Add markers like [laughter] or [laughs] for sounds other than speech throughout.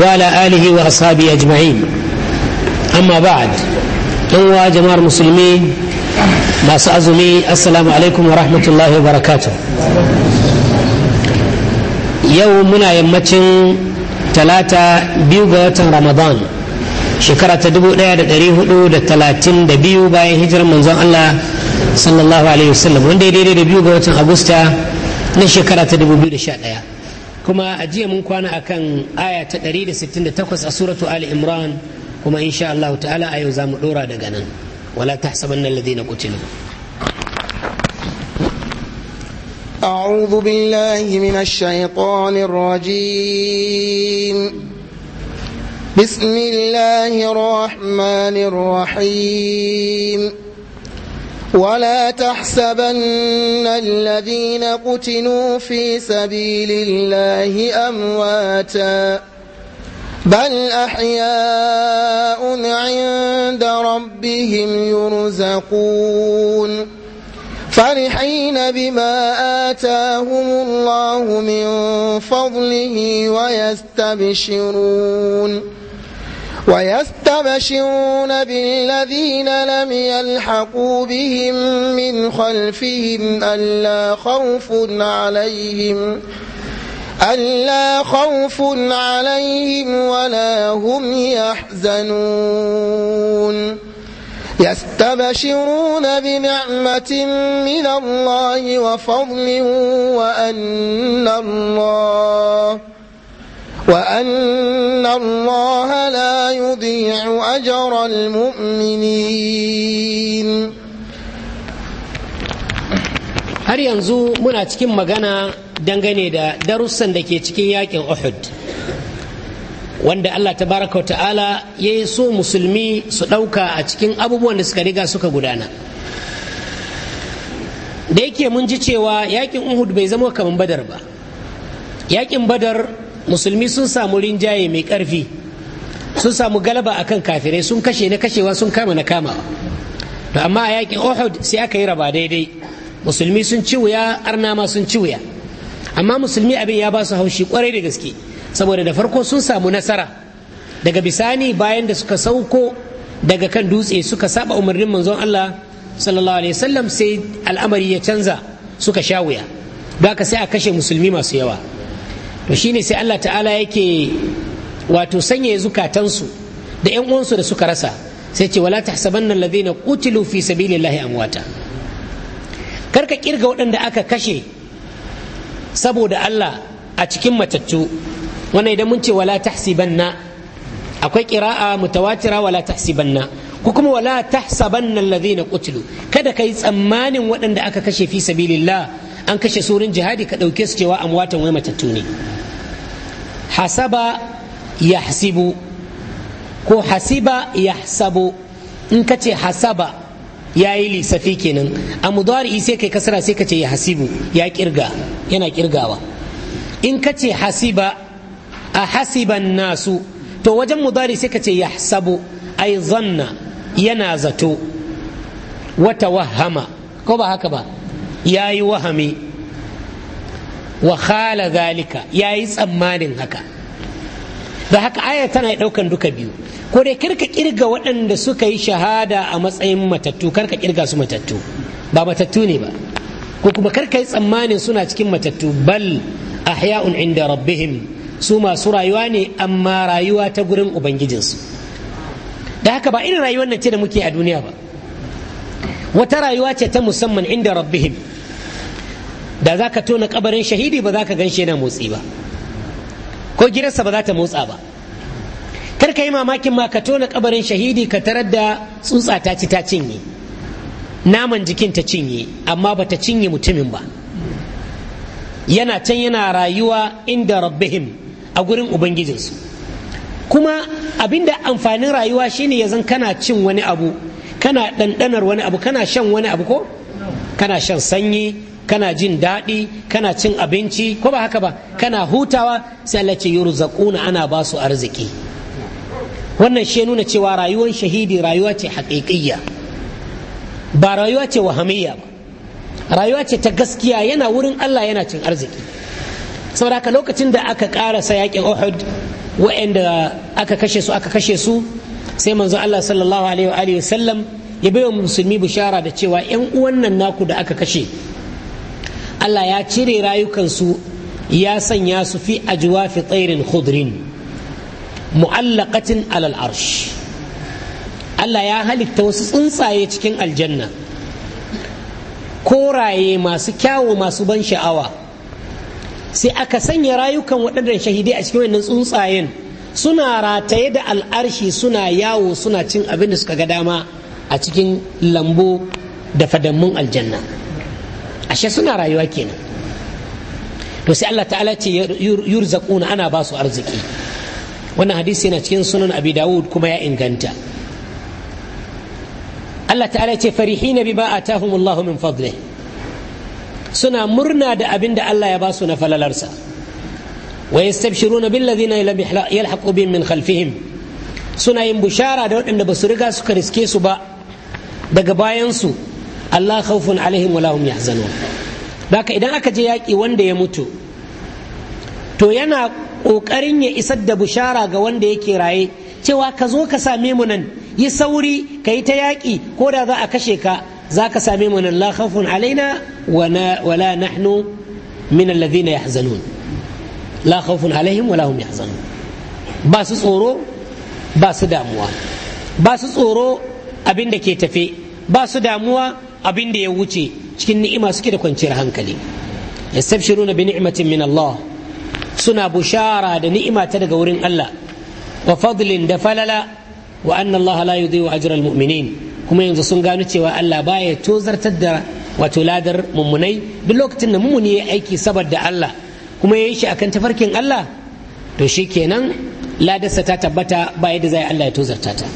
وعلى آله وأصحابه أجمعين أما بعد أنواع جماعة المسلمين ما سأزمي السلام عليكم ورحمة الله وبركاته يومنا يمتن ثلاثة بيوغة رمضان shekara ta dubu ɗaya da ɗari hudu da talatin da biyu bayan hijirar manzon Allah sallallahu alaihi wasallam wanda ya daidai biyu ga watan agusta na shekara dubu biyu da sha ɗaya kuma a jiya mun kwana akan aya ta 168 a suratu ali imran kuma insha Allah ta'ala a yau za mu dora daga nan wala tahsabanna alladhina qutilu أعوذ بالله من الشيطان الرجيم بسم الله الرحمن الرحيم ولا تحسبن الذين قتلوا في سبيل الله أمواتا بل أحياء عند ربهم يرزقون فرحين بما آتاهم الله من فضله ويستبشرون ويستبشرون بالذين لم يلحقوا بهم من خلفهم ألا خوف عليهم ألا خوف عليهم ولا هم يحزنون يستبشرون بنعمة من الله وفضل وأن الله وأن الله لا يضيع أجر المؤمنين har yanzu muna cikin magana dangane da darussan da ke cikin yakin Uhud wanda Allah tabaraka ta'ala ya yi so musulmi su ɗauka a cikin abubuwan da suka riga suka gudana da yake mun ji cewa yakin Uhud bai zama kamar badar ba yakin badar musulmi sun samu rinjaye mai ƙarfi sun samu galaba akan kafirai sun kashe na kashewa sun kama na kamawa to amma a yakin uhud sai aka yi raba daidai musulmi sun ci wuya arna ma sun ci wuya amma musulmi abin ya ba su haushi kwarai da gaske saboda da farko sun samu nasara daga bisani bayan da suka sauko daga kan dutse suka saba umarnin manzon Allah sallallahu alaihi wasallam sai al'amari ya canza suka sha wuya da sai a kashe musulmi masu yawa to shi ne sai Allah ta'ala yake wato sanya zukatansu da yan uwansu da suka rasa sai ce wala tahsabanna alladhina qutilu fi sabilillahi amwata karka kirga waɗanda aka kashe saboda Allah a cikin matattu wannan idan mun ce wala tahsibanna akwai qira'a mutawatira wala tahsibanna ko kuma wala tahsabanna alladhina qutilu kada kai tsammanin waɗanda aka kashe fi sabilillah an kashe surin jihadi ka ɗauke su cewa amwatan wai matattu ne hasaba yahsibu ko hasiba yahsabu in ka ce hasaba ya yi lissafi kenan a mudari sai kai kasara sai ka ce ya hasibu ya kirga yana kirgawa in ka ce hasiba a hasiban nasu to wajen mudari sai ka ce ya hasabu ai zanna yana zato wata wahama ko ba haka ba ya yi wahami wa khala zalika yayi tsammanin haka da haka aya tana daukan duka biyu ko dai karka kirga waɗanda suka yi shahada a matsayin matattu karka kirga su matattu ba matattu ne ba ko kuma karka yi tsammanin suna cikin matattu bal ahya'un inda rabbihim su masu rayuwa ne amma rayuwa ta gurin ubangijinsu da haka ba irin rayuwar nan ce da muke a duniya ba wata rayuwa ce ta musamman inda rabbihim da za ka tona kabarin shahidi ba za ka gan shi yana motsi ba ko gidansa ba za ta motsa ba kar ka yi mamakin ma ka tona kabarin shahidi ka tarar da tsutsa ta ci ta cinye naman jikin ta cinye amma ba ta cinye mutumin ba yana can yana rayuwa inda rabbihim a gurin ubangijinsu kuma abinda amfanin rayuwa shine yanzu kana cin wani abu kana ɗanɗanar wani abu kana shan wani abu ko kana shan sanyi kana jin daɗi kana cin abinci ko ba haka ba kana hutawa sai Allah ce yurzaquna ana ba su arziki wannan shi nuna cewa rayuwar shahidi rayuwa ce haƙiƙiyya ba rayuwa ce wahamiyya ba rayuwa ce ta gaskiya yana wurin Allah yana cin arziki saboda haka lokacin da aka ƙarasa yaƙin Uhud wa'anda aka kashe su aka kashe su sai manzo Allah sallallahu alaihi wa sallam ya baiwa musulmi bishara da cewa 'yan uwan nan naku da aka kashe Allah ya cire rayukansu ya sanya su fi fi tsairin khudrin mu'allakatin alal arsh Allah ya halitta wasu tsuntsaye cikin aljanna koraye masu kyawo masu ban sha'awa sai aka sanya rayukan waɗanda shahidai a cikin wannan tsuntsayen suna rataye da al'arshi suna yawo suna cin abin da suka ga dama a cikin lambu da fadammun aljanna ashe suna rayuwa kenan to sai Allah ta'ala ce yurzaquna ana ba su arziki wannan hadisi yana cikin sunan abi dawud kuma ya inganta Allah ta'ala ce farihina bima atahumullahu min fadli suna murna da abin da Allah ya ba su na falalarsa wa yastabshiruna bil ladina yalhaqu bihim min khalfihim suna yin bushara da waɗanda ba su riga suka riske su ba daga bayansu Allah khawfun alaihim wala hum yahzanun haka idan aka je yaƙi wanda ya mutu to yana ƙoƙarin ya isar da bushara ga wanda yake raye cewa ka zo ka same mu nan yi sauri ka yi ta yaƙi ko da za a kashe ka za ka same mu nan la khawfun alaina wala nahnu min alladhina yahzanun la khawfun alaihim wala hum yahzanun ba su tsoro ba su damuwa ba su tsoro abin da ke tafe ba su damuwa abin da ya wuce cikin ni'ima suke da kwanciyar hankali yastabshiruna bi ni'matin min Allah suna bushara da ni'ima ta daga wurin Allah wa fadlin da falala wa anna Allah la yudhi'u ajral mu'minin kuma yanzu sun gano cewa Allah baya tozartar da wato ladar mummunai duk lokacin da mummuni ya aiki saboda Allah kuma ya yi shi akan tafarkin Allah to shikenan ladarsa ta tabbata ba yadda zai Allah ya tozarta ta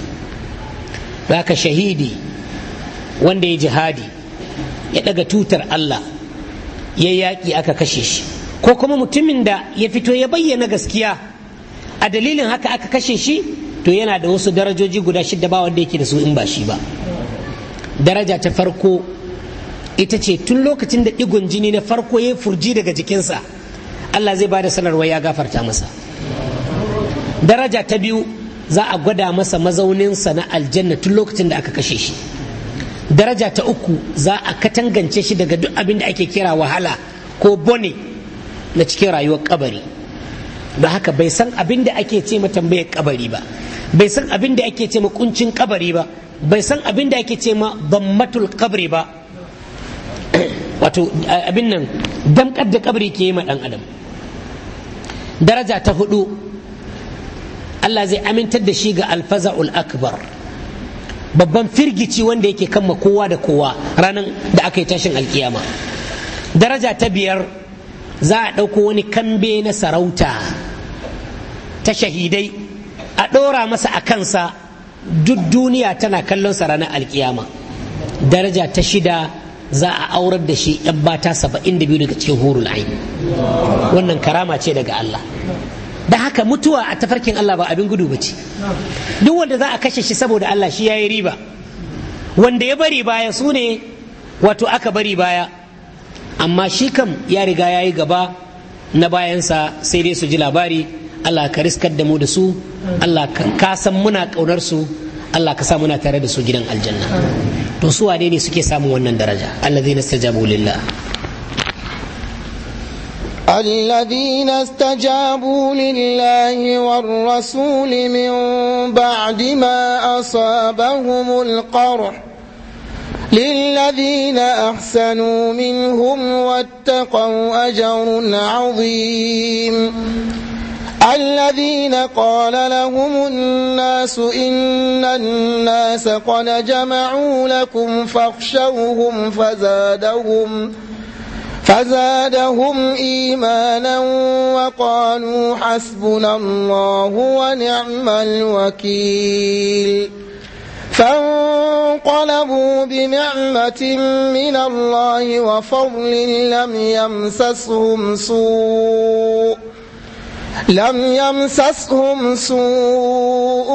baka shahidi wanda ya jihadi ya daga tutar Allah ya yaƙi aka kashe shi ko kuma mutumin da ya fito ya bayyana gaskiya a dalilin haka aka kashe shi to yana da wasu darajoji guda shidda ba wanda yake da su in ba shi ba daraja ta farko ita ce tun lokacin da ɗigon jini na farko ya furji daga jikinsa Allah zai ba da sanarwa ya gafarta masa daraja ta biyu za a gwada masa mazauninsa na aljanna tun lokacin da aka kashe shi daraja ta uku za a katangance shi daga duk abin da ake kira wahala ko bone na cikin rayuwar kabari da haka bai san abin da ake ce tambayar kabari ba bai san abin da ake ce ma kuncin kabari ba bai san abin da ake ce ma dammatul kabri ba [clears throat] wato abin nan damkar da kabri ke yi ma dan adam daraja ta hudu Allah zai amintar da shi ga alfaza'ul akbar babban firgici wanda yake kanma kowa da kowa ranar da aka yi tashin alkiyama daraja ta biyar za a ɗauko wani kambe na sarauta ta shahidai a ɗora masa a kansa duk duniya tana kallon sa ranar alkiyama daraja ta shida za a aurar da shi 'yan bata saba'in daga cikin hurul aini wannan karama ce daga Allah da haka mutuwa a tafarkin Allah ba abin gudu bace duk wanda za a kashe shi saboda Allah shi yayi riba wanda ya bari baya su ne wato aka bari baya amma shi kam ya riga yayi gaba na bayansa sai dai su ji labari Allah ka riskar da mu da su Allah ka san muna kaunar su Allah ka sa muna tare da su gidan aljanna to su wane ne suke samun wannan daraja allazina stajabu lillah الذين استجابوا لله والرسول من بعد ما أصابهم القرح للذين أحسنوا منهم واتقوا أجر عظيم الذين قال لهم الناس إن الناس قد جمعوا لكم فاخشوهم فزادهم فزادهم إيمانا وقالوا حسبنا الله ونعم الوكيل فانقلبوا بنعمة من الله وفضل لم يمسسهم سوء لم يمسسهم سوء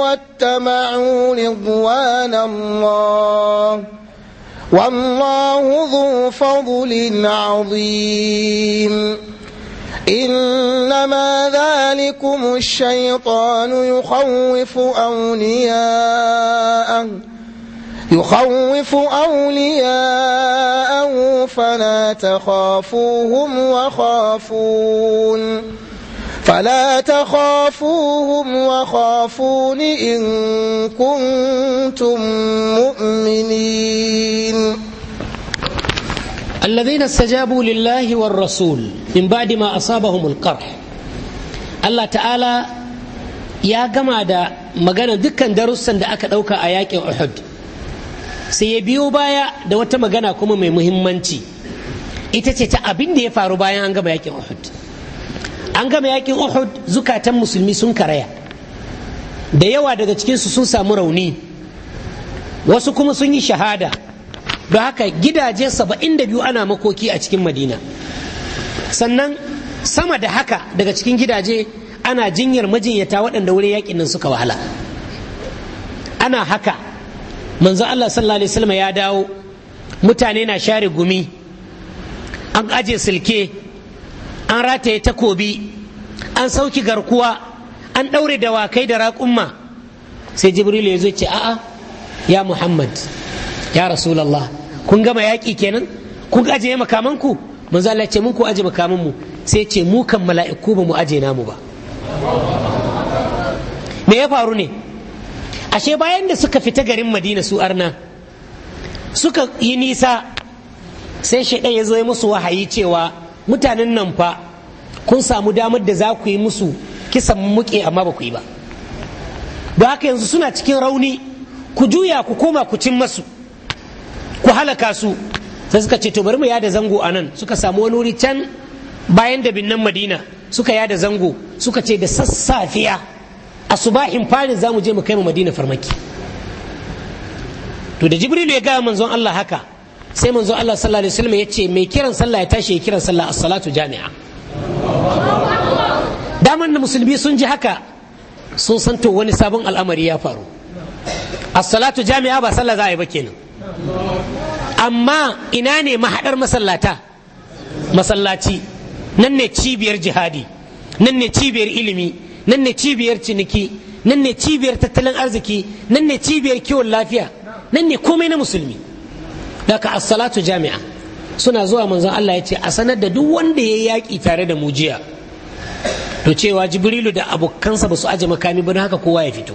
واتبعوا رضوان الله والله ذو فضل عظيم إنما ذلكم الشيطان يخوف أولياءه يخوف أولياءه فلا تخافوهم وخافون فلا تخافوهم وخافون إن كنتم مؤمنين الذين استجابوا لله والرسول من بعد ما أصابهم القرح الله تعالى يا جماعة مجانا ذكا درسا دأك أوكا آياك أحد سيبيو بايا دوتا مجانا كم من مهمنتي إتتتا أبين دي فارو بايا أنجا بايك أحد an gama yakin uhud zukatan musulmi sun karaya da yawa daga cikinsu sun samu rauni wasu kuma sun yi shahada da haka gidaje saba'in da ana makoki a cikin madina sannan sama da haka daga cikin gidaje ana jinyar majinyata waɗanda wurin yakin nan suka wahala ana haka manzo Allah sallallahu alaihi wasallam ya dawo mutane na share gumi an aje silke an rataye takobi an sauki garkuwa an ɗaure dawakai da raƙumma sai jibril ya zo ce a'a ya muhammad ya rasulallah kun gama yaƙi kenan kun ajiye makamanku manzo Allah ce mun ku aje makamanmu sai ce mu kan mala'iku ba mu aje namu ba me ya faru ne ashe bayan da suka fita garin madina su arna suka yi nisa sai shaidan ya zo ya musu wahayi cewa mutanen nan fa kun samu damar da za ku yi musu kisan muke amma ba ku yi ba don haka yanzu suna cikin rauni ku juya ku koma ku cin masu ku halaka su sai suka ce to bari mu yada zango a nan suka samu wani wuri can bayan da binnan madina suka yada zango suka ce da sassafiya a subahin farin za mu je mu kai mu madina farmaki to da jibrilu ya gaya manzon allah haka sai manzo Allah sallallahu alaihi wasallam yace mai kiran sallah ya tashi ya kiran sallah as-salatu jami'a daman da musulmi sun ji haka sun san to wani sabon al'amari ya faru as-salatu jami'a ba sallah za a yi ba kenan amma ina ne mahadar masallata masallaci nan ne cibiyar jihadi nan ne cibiyar ilimi nan ne cibiyar ciniki nan ne cibiyar tattalin arziki nan ne cibiyar kiwon lafiya nan ne komai na musulmi daga as-salatu jami'a suna zuwa manzon Allah ya ce a sanar da duk wanda ya yi yaƙi tare da mu jiya to cewa jibrilu da abokansa ba su aje makami ba haka kowa ya fito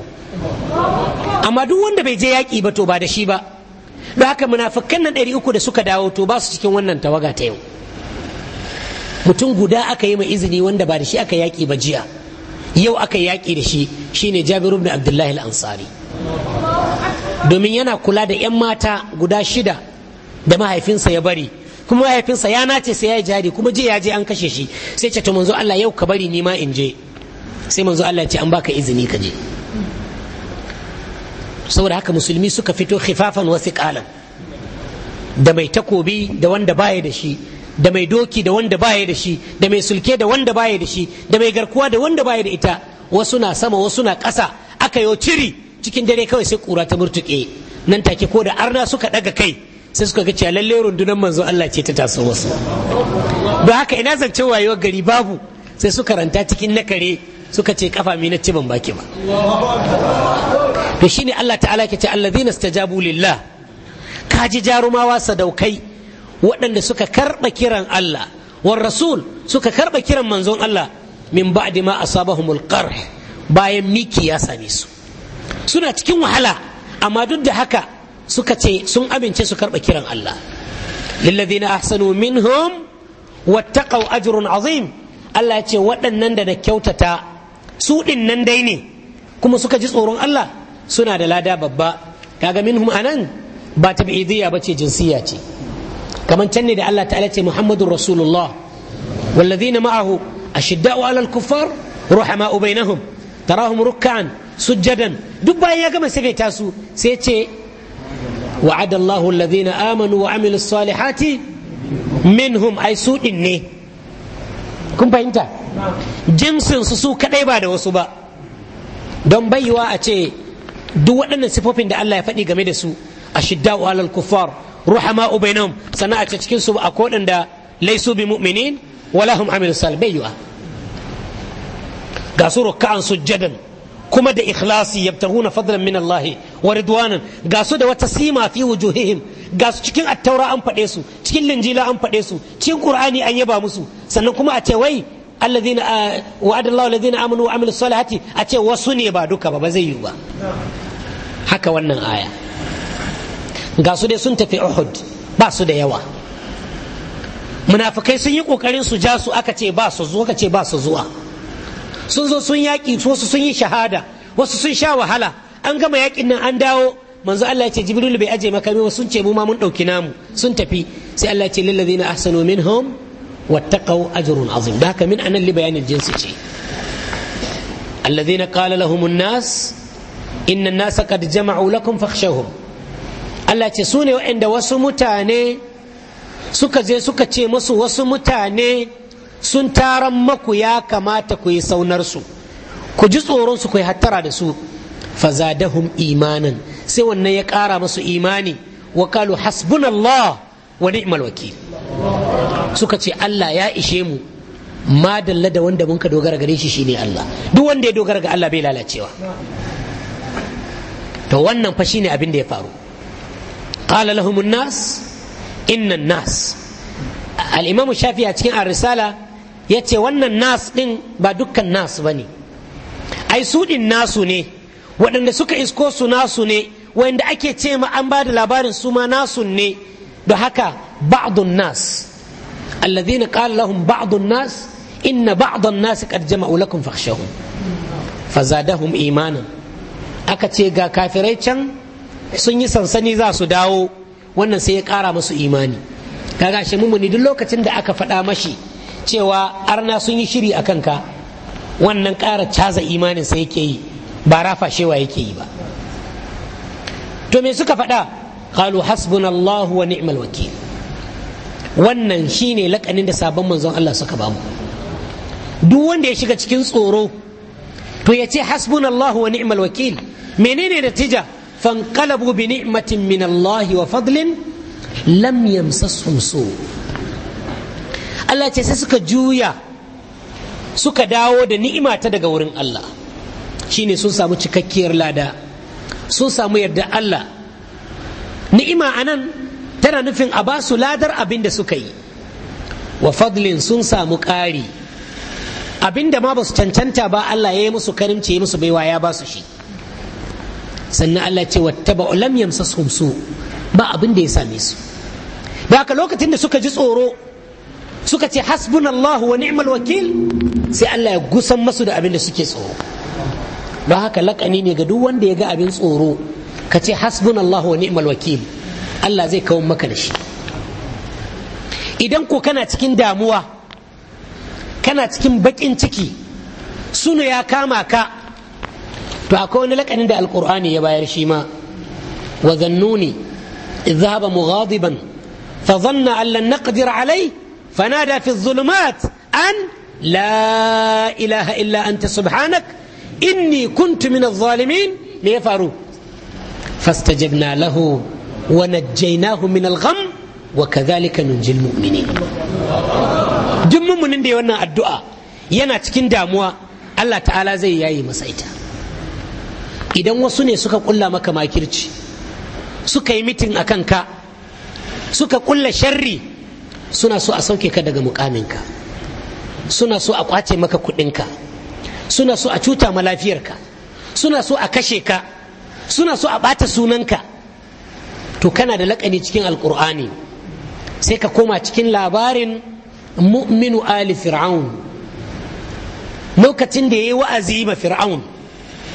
amma duk wanda bai je yaƙi ba to ba da shi ba don haka munafikan nan ɗari uku da suka dawo to ba su cikin wannan tawaga ta yau mutum guda aka yi mai izini wanda ba da shi aka yaƙi ba jiya yau aka yaƙi da shi shine jabir ibn abdullahi al-ansari domin yana kula da 'yan mata guda shida da mahaifinsa ya bari kuma mahaifinsa ya nace sai ya yi jari kuma je ya je an kashe shi sai ce to manzo Allah yau ka bari ni ma in je sai manzo Allah ya ce an baka izini ka je saboda haka musulmi suka fito khifafan wasu kalan da mai takobi da wanda baya da shi da mai doki da wanda baya da shi da mai sulke da wanda baya da shi da mai garkuwa da wanda baya da ita wasu na sama wasu na ƙasa aka yo ciri cikin dare kawai sai kura ta murtuke nan take ko da arna suka daga kai sai suka ga cewa lalle rundunar manzo Allah ce ta taso wasu don haka ina zance wayewar gari babu sai suka ranta cikin na kare suka ce kafa mi na ci ban baki ba to shine Allah ta'ala ke ce allazina istajabu lillah kaji jarumawa sadaukai waɗanda suka karba kiran Allah war rasul suka karɓa kiran manzon Allah min ba'di ma asabahumul qarh bayan miki ya same su suna cikin wahala amma duk da haka suka ce sun amince su karɓa kiran Allah lillazina ahsanu minhum wattaqaw ajrun azim Allah ya ce waɗannan da na kyautata su ɗin nan dai ne kuma suka ji tsoron Allah suna da lada babba kaga minhum anan ba tab'idiyya bace jinsiya ce kaman can ne da Allah ta'ala ce Muhammadur Rasulullah wallazina ma'ahu ashidda'u 'alal kuffar ruhama'u bainahum tarahum ruk'an sujjadan duk bayan ya gama sai su sai ce وعد الله الذين آمنوا وعملوا الصالحات منهم أي سوء إني كم فهمت جنس سسو كدai ba da wasu ba don baiwa ace ce duk waɗannan da Allah ya faɗi game da su ashidda'u alal kufar ruhama'u bainahum sana'a ce cikin su akwai waɗanda laisu mu'minin wala hum amil sal baiwa ga su rukkan sujjadan kuma da ikhlasi yabtaguna fadlan min Allah wa ridwanan ga su da wata sima fi wujuhihim ga su cikin attaura an faɗe su cikin linjila an faɗe su cikin qur'ani an yaba musu sannan kuma a ce wai alladhina wa'ada Allah alladhina amanu wa amilus salihati a ce wasu ne ba duka ba ba zai yi ba haka wannan aya ga su dai sun tafi Uhud ba su da yawa munafikai sun yi kokarin su ja su aka ce ba su zuwa aka ce ba su zuwa sun zo sun yaƙi wasu sun yi shahada wasu sun sha wahala an gama yaƙin nan an dawo manzo Allah ya ce jibril bai aje makami wasu sun ce mu ma mun ɗauki namu sun tafi sai Allah ya ce lil ladina ahsanu minhum wattaqau ajrun azim da haka min anan li bayanin jinsi ce alladhina qala lahum an-nas inna an-nasa qad jama'u lakum fakhshawhum Allah ce su ne waɗanda wasu mutane suka je suka ce musu wasu mutane sun taran maku ya kamata ku yi saunarsu ku ji tsoronsu ku yi hattara da su fazadahum imanin. sai wannan ya ƙara masu imani wa kalu hasbunallah wa ni'mal wakil suka ce Allah ya ishe mu ma da wanda mun dogara gare shi shine Allah duk wanda ya dogara ga Allah bai lalacewa to wannan fa shine abin da ya faru qala lahumun nas innan nas al-imam shafi a cikin ar-risala ya ce wannan nas ɗin ba dukkan nas ba ne ai su ɗin nasu ne waɗanda suka isko su nasu ne wanda ake ce ma an ba da labarin su ma nasu ne da haka ba'dun nas alladhina qala lahum ba'dun nas inna ba'dan nas qad jama'u lakum fakhshawhum fazadahum imanan aka ce ga kafirai can sun yi sansani za su dawo wannan sai ya kara musu imani kaga shi mumuni duk lokacin da aka faɗa mashi cewa arna sun yi shiri a kanka wannan ƙara caza imanin sa yake yi ba rafa shewa yake yi ba to me suka faɗa qalu hasbunallahu wa ni'mal wakil wannan shine lakanin da sabon manzon Allah suka bamu duk wanda ya shiga cikin tsoro to ya ce hasbunallahu wa ni'mal wakil menene natija fanqalabu bi ni'matin min Allah wa fadlin lam yamsashum su' Allah ce sai suka juya suka dawo da ni'ima ta daga wurin Allah shine sun samu cikakkiyar lada sun samu yarda Allah ni'ima anan tana nufin a basu ladar abin da suka yi wa fadlin sun samu ƙari abin da ma ba su cancanta ba Allah ya yi musu karimci ya musu baiwa ya ba su shi sannan Allah ce wattaba lam yamsashum su ba abin da ya same su da haka lokacin da suka ji tsoro suka ce hasbunallahu wa ni'mal wakil sai Allah ya gusan masu da abin da suke tsoro don haka lakani ne ga duk wanda ya ga abin tsoro ka ce hasbunallahu wa ni'mal wakil Allah zai kawo maka da shi idan ko kana cikin damuwa kana cikin baƙin ciki suna ya kama ka to akwai wani lakani da alkur'ani ya bayar shi ma wa zannuni idh dhahaba mughadiban fa dhanna an lan naqdir alayhi فنادى في الظلمات أن لا إله إلا أنت سبحانك إني كنت من الظالمين ليفعلوا فاستجبنا له ونجيناه من الغم وكذلك ننجي المؤمنين duk munin da ya wannan addu'a yana cikin damuwa Allah ta'ala zai yayi masa idan wasu ne suka kulla maka makirci suka yi mitin a kanka suka kulla sharri suna so a sauke ka daga mukaminka suna so a kwace maka kudinka suna so a cuta ma lafiyarka suna so a kashe ka suna so a bata sunanka to kana da lakani cikin alkur'ani sai ka koma cikin labarin mu'minu ali fir'aun lokacin da ya yi wa'azi ma fir'aun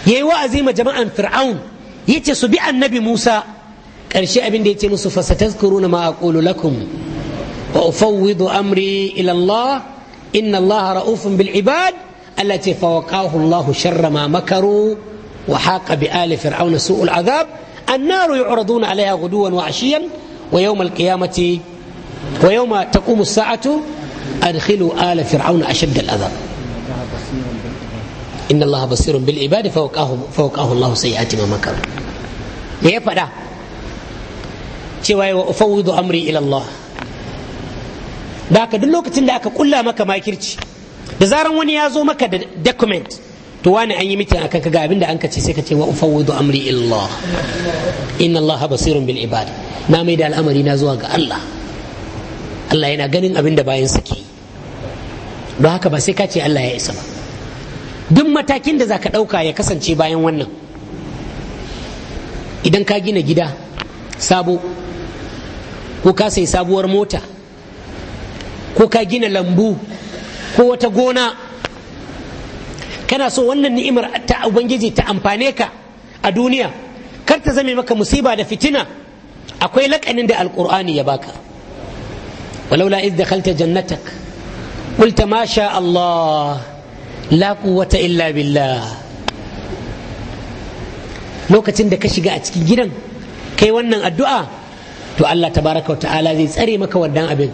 ya wa'azi ma jama'an fir'aun ya ce su bi annabi musa ƙarshe abin da ya ce musu fasatazkuruna ma aqulu lakum وأفوض أمري إلى الله إن الله رؤوف بالعباد التي فوقاه الله شر ما مكروا وحاق بآل فرعون سوء العذاب النار يعرضون عليها غدوا وعشيا ويوم القيامة ويوم تقوم الساعة أدخلوا آل فرعون أشد الأذى إن الله بصير بالعباد فوقاه, فوقاه الله سيئات ما مكروا ليه فدا cewa wa ufawwidu amri ila Allah da haka duk lokacin da aka kulla maka makirci da zaran wani ya zo maka da document to wani an yi mitin akan ga abin da an ka ce sai ka ce wa ufawwidu amri illah inna allaha basirun bil ibad na mai da al'amari na zuwa ga Allah Allah yana ganin abin da bayan ke yi don haka ba sai ka ce Allah ya isa ba duk matakin da za ka ɗauka ya kasance bayan wannan idan ka gina gida sabo ko ka sai sabuwar mota ko ka gina lambu ko wata gona kana so wannan ni'imar ta ubangiji ta amfane ka a duniya kar ta zame maka musiba da fitina akwai lakanin da alkur'ani ya baka walaula iz dakhalta jannatak qulta ma sha Allah la quwwata illa billah lokacin da ka shiga a cikin gidan kai wannan addu'a to Allah tabaraka wa ta'ala zai tsare maka wannan abin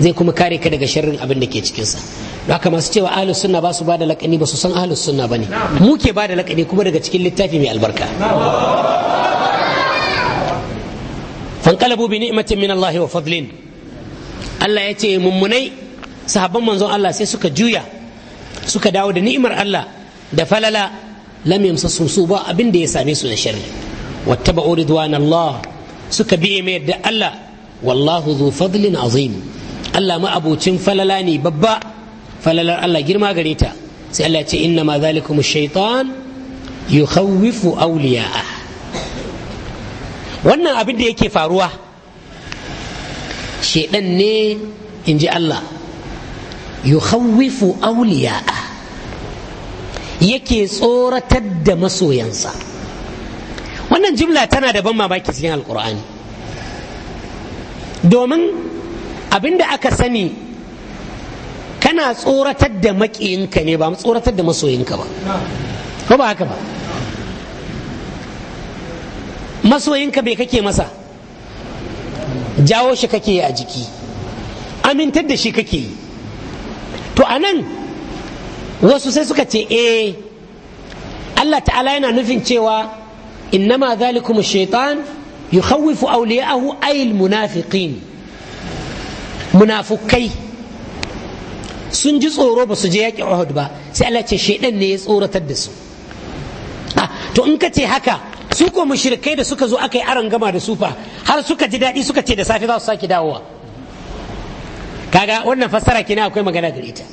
zai kuma kare ka daga sharrin abin da ke cikinsa Da haka masu cewa ahlus sunna ba su bada lakani ba su san ahlus sunna ne. mu ke bada lakani kuma daga cikin littafi mai albarka fanqalabu bi ni'matin min Allah wa fadlin Allah ya ce mummunai sahabban manzon Allah sai suka juya suka dawo da ni'imar Allah da falala lam yamsasu su ba abin da ya same su da sharri wattaba'u ridwan suka biya mai da Allah wallahu dhu fadlin azim Allah ma falala ne babba falalar Allah girma gare ta sai Allah ce inna ma zalikum shaitan yukhawwifu awliya'a wannan abin da yake faruwa shaidan ne in ji Allah yukhawwifu awliya'a yake tsoratar da masoyansa wannan jimla tana da ban mamaki cikin alkur'ani domin abinda aka sani kana tsoratar da maƙiyinka ne ba tsoratar da masoyinka ba ko ba haka ba masoyinka bai kake masa jawo shi kake a jiki amintar da shi kake yi to a nan wasu sai suka ce eh Allah ta'ala yana nufin cewa innama zalikum shaitan yukhawwifu awliya'ahu ayil munafiqin munafukai sun ji tsoro ba su je yaƙi Uhud ba sai Allah ce shaidan ne ya tsoratar da su ah, to in ka ce haka su ko mushrikai da suka zo aka yi aron gama da su fa har suka ji daɗi suka ce da safe za su sake dawowa kaga wannan fassara kina akwai magana gare ta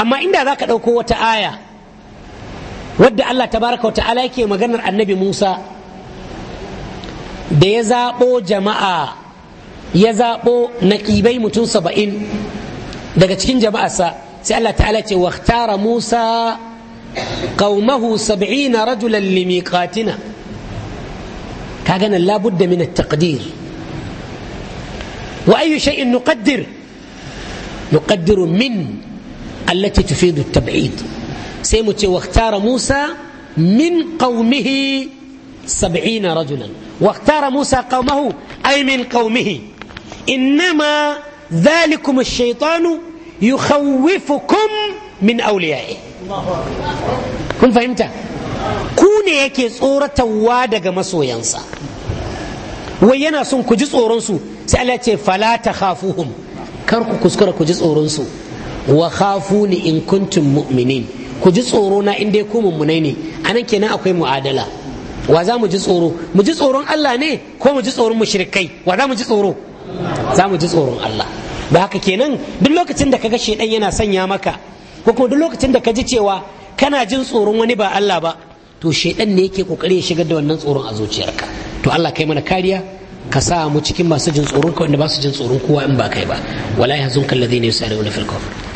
amma inda za ka ɗauko wata aya wadda Allah tabaraka wa ta'ala yake maganar annabi Musa da ya zaɓo jama'a ya zaɓo naƙibai mutum saba'in daga cikin jama'arsa sai Allah ta'ala ce waktara Musa qaumahu sab'ina rajulan limiqatina kaga nan labudda min at-taqdir wa ayyu shay'in nuqaddir nuqaddiru min allati tufidu at-tab'id sai mu ce waktara Musa min qaumihi sab'ina rajulan waktara Musa qaumahu ay min qaumihi إنما ذلكم الشيطان يخوفكم من أوليائه kun fahimta ku ne yake tsoratarwa daga masoyansa wai yana son ku ji tsoronsu sai Allah ce fala ta khafuhum kar ku kuskura ku tsoronsu wa khafuni in kuntum mu'minin ku ji tsoro na in dai ku mummunai ne anan kenan akwai mu'adala wa za mu ji tsoro mu ji tsoron Allah ne ko mu ji tsoron mushrikai wa za mu ji tsoro za mu ji tsoron Allah ba haka kenan duk lokacin da kaga shedan yana sanya maka ko kuma duk lokacin da ka ji cewa kana jin tsoron wani ba Allah ba to shedan ne yake kokari ya shigar da wannan tsoron a zuciyarka to Allah kai mana kariya ka sa mu cikin masu jin tsoron ka wanda ba su jin tsoron kowa in ba kai ba wala yahzunka alladhina yusari'una fil kufr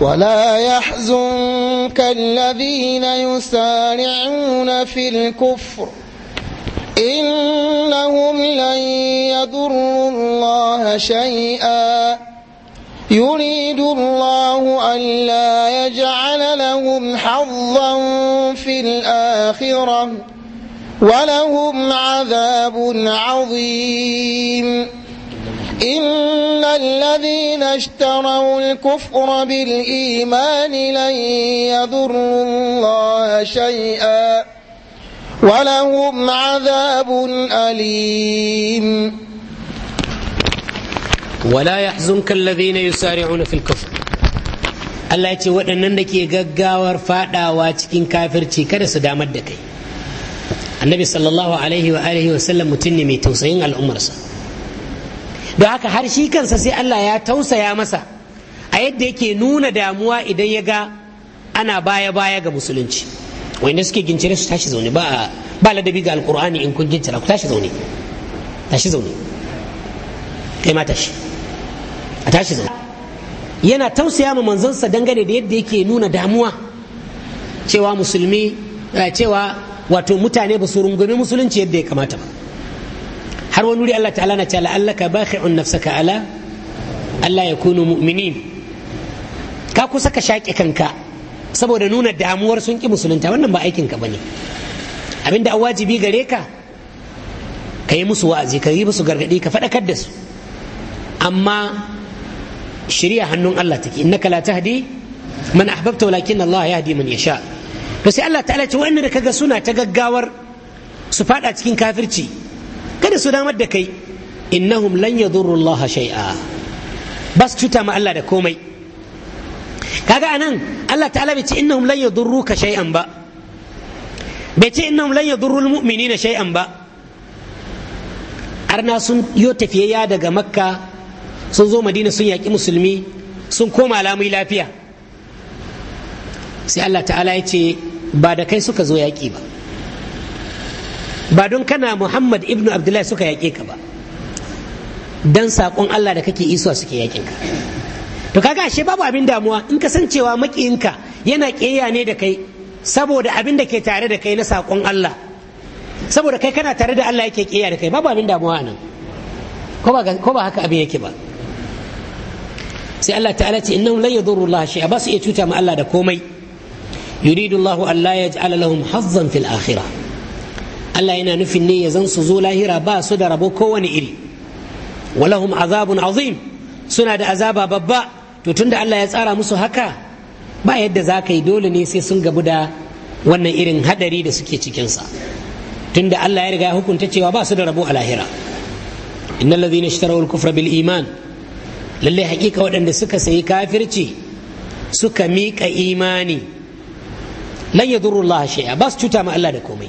ولا يحزنك الذين يسارعون في الكفر إنهم لن يضروا الله شيئا يريد الله ألا يجعل لهم حظا في الآخرة ولهم عذاب عظيم إن الذين اشتروا الكفر بالإيمان لن يضروا الله شيئا ولهم عذاب أليم ولا يحزنك الذين يسارعون في الكفر Allah ya ce waɗannan da ke gaggawar faɗawa cikin kafirci kada su damar da kai annabi sallallahu alaihi wa alihi wa sallam mutum ne mai tausayin al'ummarsa don haka har shi kansa sai Allah ya tausaya masa a yadda yake nuna damuwa idan ya ga ana baya-baya ga musulunci wanda suke gincire su tashi zaune ba ladabi ga alkur'ani in kun gincira ku tashi zaune tashi zaune kai ma tashi a tashi zaune yana tausaya ma manzonsa dangane da yadda yake nuna damuwa cewa musulmi eh, cewa wato mutane ba su rungumi musulunci yadda ya kamata ba har wani wuri Allah ta'ala na Allah ta'ala allaka bakhi'un nafsaka ala Allah ya kunu mu'minin ka kusa ka shaƙe kanka saboda nuna damuwar sun ki musulunta wannan ba aikin ka bane abinda an wajibi gare ka ka yi musu wa'azi ka yi musu gargaɗi ka faɗakar da su amma shirya hannun Allah take innaka la tahdi man ahbabta walakin Allah yahdi man yasha to sai Allah ta'ala ce wa'annan da kaga suna ta gaggawar su fada cikin kafirci kada su damar da kai innahum lan yadurru Allah shay'a bas cuta ma Allah da komai kaga anan Allah ta'ala bai ce innahum lan yadurruka shay'an ba bai ce innahum lan yadurrul mu'minina shay'an ba arna sun yo tafiyayya daga makka sun zo madina sun yaƙi musulmi sun koma alamai lafiya sai Allah ta'ala ya ce ba da kai suka zo yaƙi ba ba don kana muhammad ibnu abdullahi suka yaƙe ka ba don saƙon allah da kake isuwa suke yaƙin ka to kaga ashe babu abin damuwa in ka san cewa makiyinka yana ƙeya ne da kai saboda abin da ke tare da kai na saƙon Allah saboda kai kana tare da Allah yake ƙeya da kai babu abin damuwa nan ko ba haka abin yake ba sai Allah ta'ala ce innahum la yadurru Allah shay'a ba su iya cuta ma Allah da komai yuridu Allah an la yaj'ala lahum hazzan fil akhirah Allah yana nufin ne ya zan su zo lahira ba su da rabo kowane iri walahum azabun azim suna da azaba babba to tunda Allah ya tsara musu haka ba yadda za ka yi dole ne sai sun gabu da wannan irin hadari da suke cikinsa tunda Allah ya riga ya hukunta cewa ba su da rabo a lahira innal ladhina ishtaraw al-kufra bil iman lalle hakika waɗanda suka sayi kafirci suka miƙa imani lan yadurru Allah shay'a ba su cuta ma Allah da komai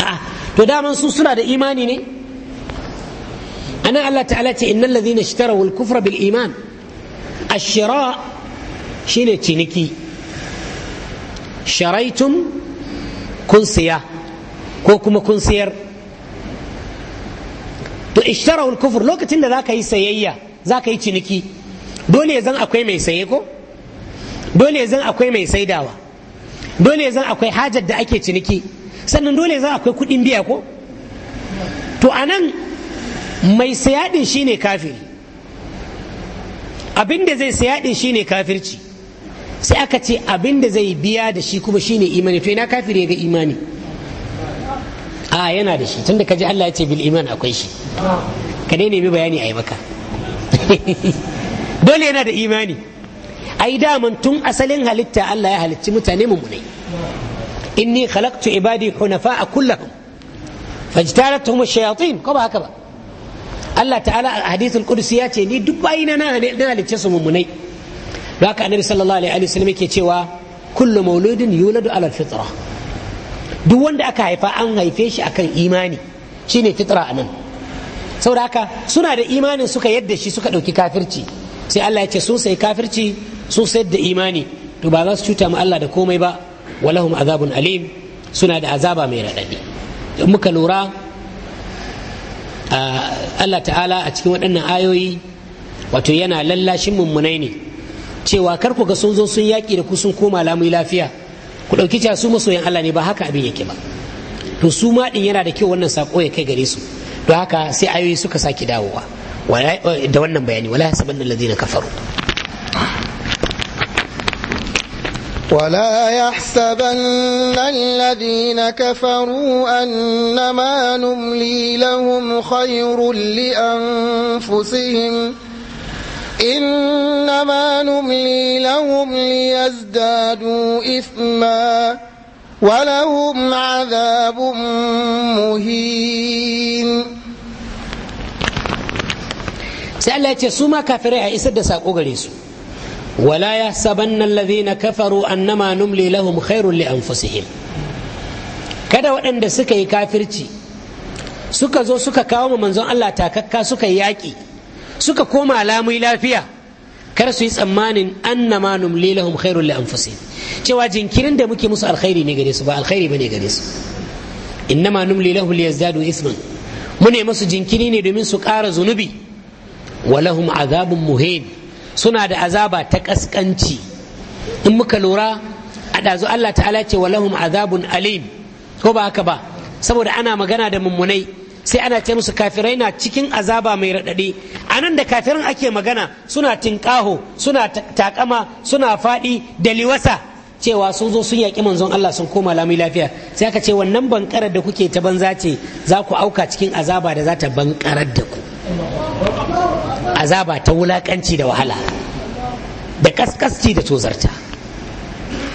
a'a to daman su suna da imani ne anan Allah ta'ala ce innal ladhina ishtaraw al-kufra bil iman ashira shine ciniki sharaitun kun siya ko kuma kun siyar to ishtarahul kufur lokacin da zaka yi sayayya zaka yi ciniki dole zan akwai mai saye ko dole zan akwai mai saidawa dole zan akwai hajar da ake ciniki sannan dole zan akwai kudin biya ko to anan mai saya din shine kafiri abin da zai saya din shine kafirci sai aka ce abin da zai biya da shi kuma shine imani to ina kafiri ga imani a yana da shi tunda kaji Allah ya ce bil iman akwai shi ka dai nemi bayani a yi maka [laughs] dole yana da imani ai daman tun asalin halitta Allah ya halicci mutane mummunai inni khalaqtu ibadi hunafa kullahum fajtalathum ash-shayatin ko ba haka ba Allah ta'ala a hadithul qudsi ya ce ni duk bayina na na halicce su mummunai don haka annabi sallallahu alaihi sallam yake cewa kullu mauludin yuladu ala fitra duk wanda aka haifa an haife shi akan imani shine fitra anan saboda haka suna da imanin suka yadda shi suka dauki kafirci sai Allah ya ce sun sai kafirci sun sayar da imani to ba za su cuta mu Allah da komai ba walahum azabun alim suna da azaba mai raɗaɗi muka lura Allah ta'ala a cikin waɗannan ayoyi wato yana lallashin mummunai ne cewa kar ku ga sun zo sun yaƙi da ku sun koma lamuni lafiya ku ɗauki cewa su masoyan Allah ne ba haka abin yake ba to su ma ɗin yana da kyau wannan sako ya kai gare su don haka sai ayoyi suka sake dawowa da wannan bayani wala sabanna ladina kafaru ولا يحسبن الذين كفروا أنما نملي لهم خير لأنفسهم إنما نملي لهم ليزدادوا إثما ولهم عذاب مهين sai Allah ya ce su ma kafirai a isar da saƙo gare su wala ya saban nan na kafaru annama numli lahum khairun li anfusihim kada waɗanda suka yi kafirci suka zo suka kawo ma manzon Allah takakka suka yi yaƙi suka koma alamu lafiya kar su yi tsammanin annama numli lahum khairun li anfusihim cewa jinkirin da muke musu alkhairi ne gare su ba alkhairi bane gare su innama numli lahum liyazdadu isman mune masu jinkiri ne domin su ƙara zunubi walahum azabun muhin suna da azaba ta kaskanci in muka lura a ɗazu Allah ta'ala ce walahum azabun alim ko ba haka ba saboda ana magana da mummunai sai ana ce musu kafirai na cikin azaba mai raɗaɗi a nan da kafirin ake magana suna tinƙaho suna taƙama suna faɗi da liwasa cewa su zo sun yaƙi manzon Allah sun koma lami lafiya sai aka ce wannan bankarar da kuke ta banza ce za ku auka cikin azaba da za ta bankarar da ku azaba ta wulakanci da wahala da kaskasci da tozarta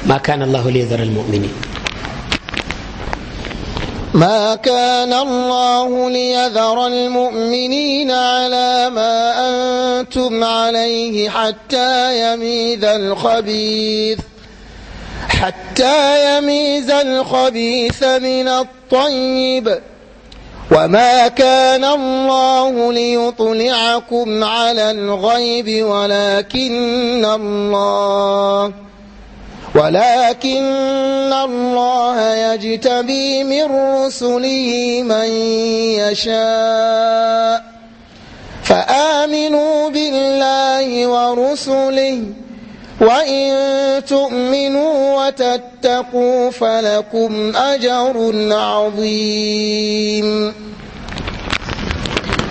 ma kana Allahu li liyadhar almu'minin ما كان الله ليذر المؤمنين على ما أنتم عليه حتى يميد الخبيث حتى يميز الخبيث من الطيب وما كان الله ليطلعكم على الغيب ولكن الله ولكن الله يجتبي من رسله من يشاء فآمنوا بالله ورسله وإن تؤمنوا وتتقوا فلكم أجر عظيم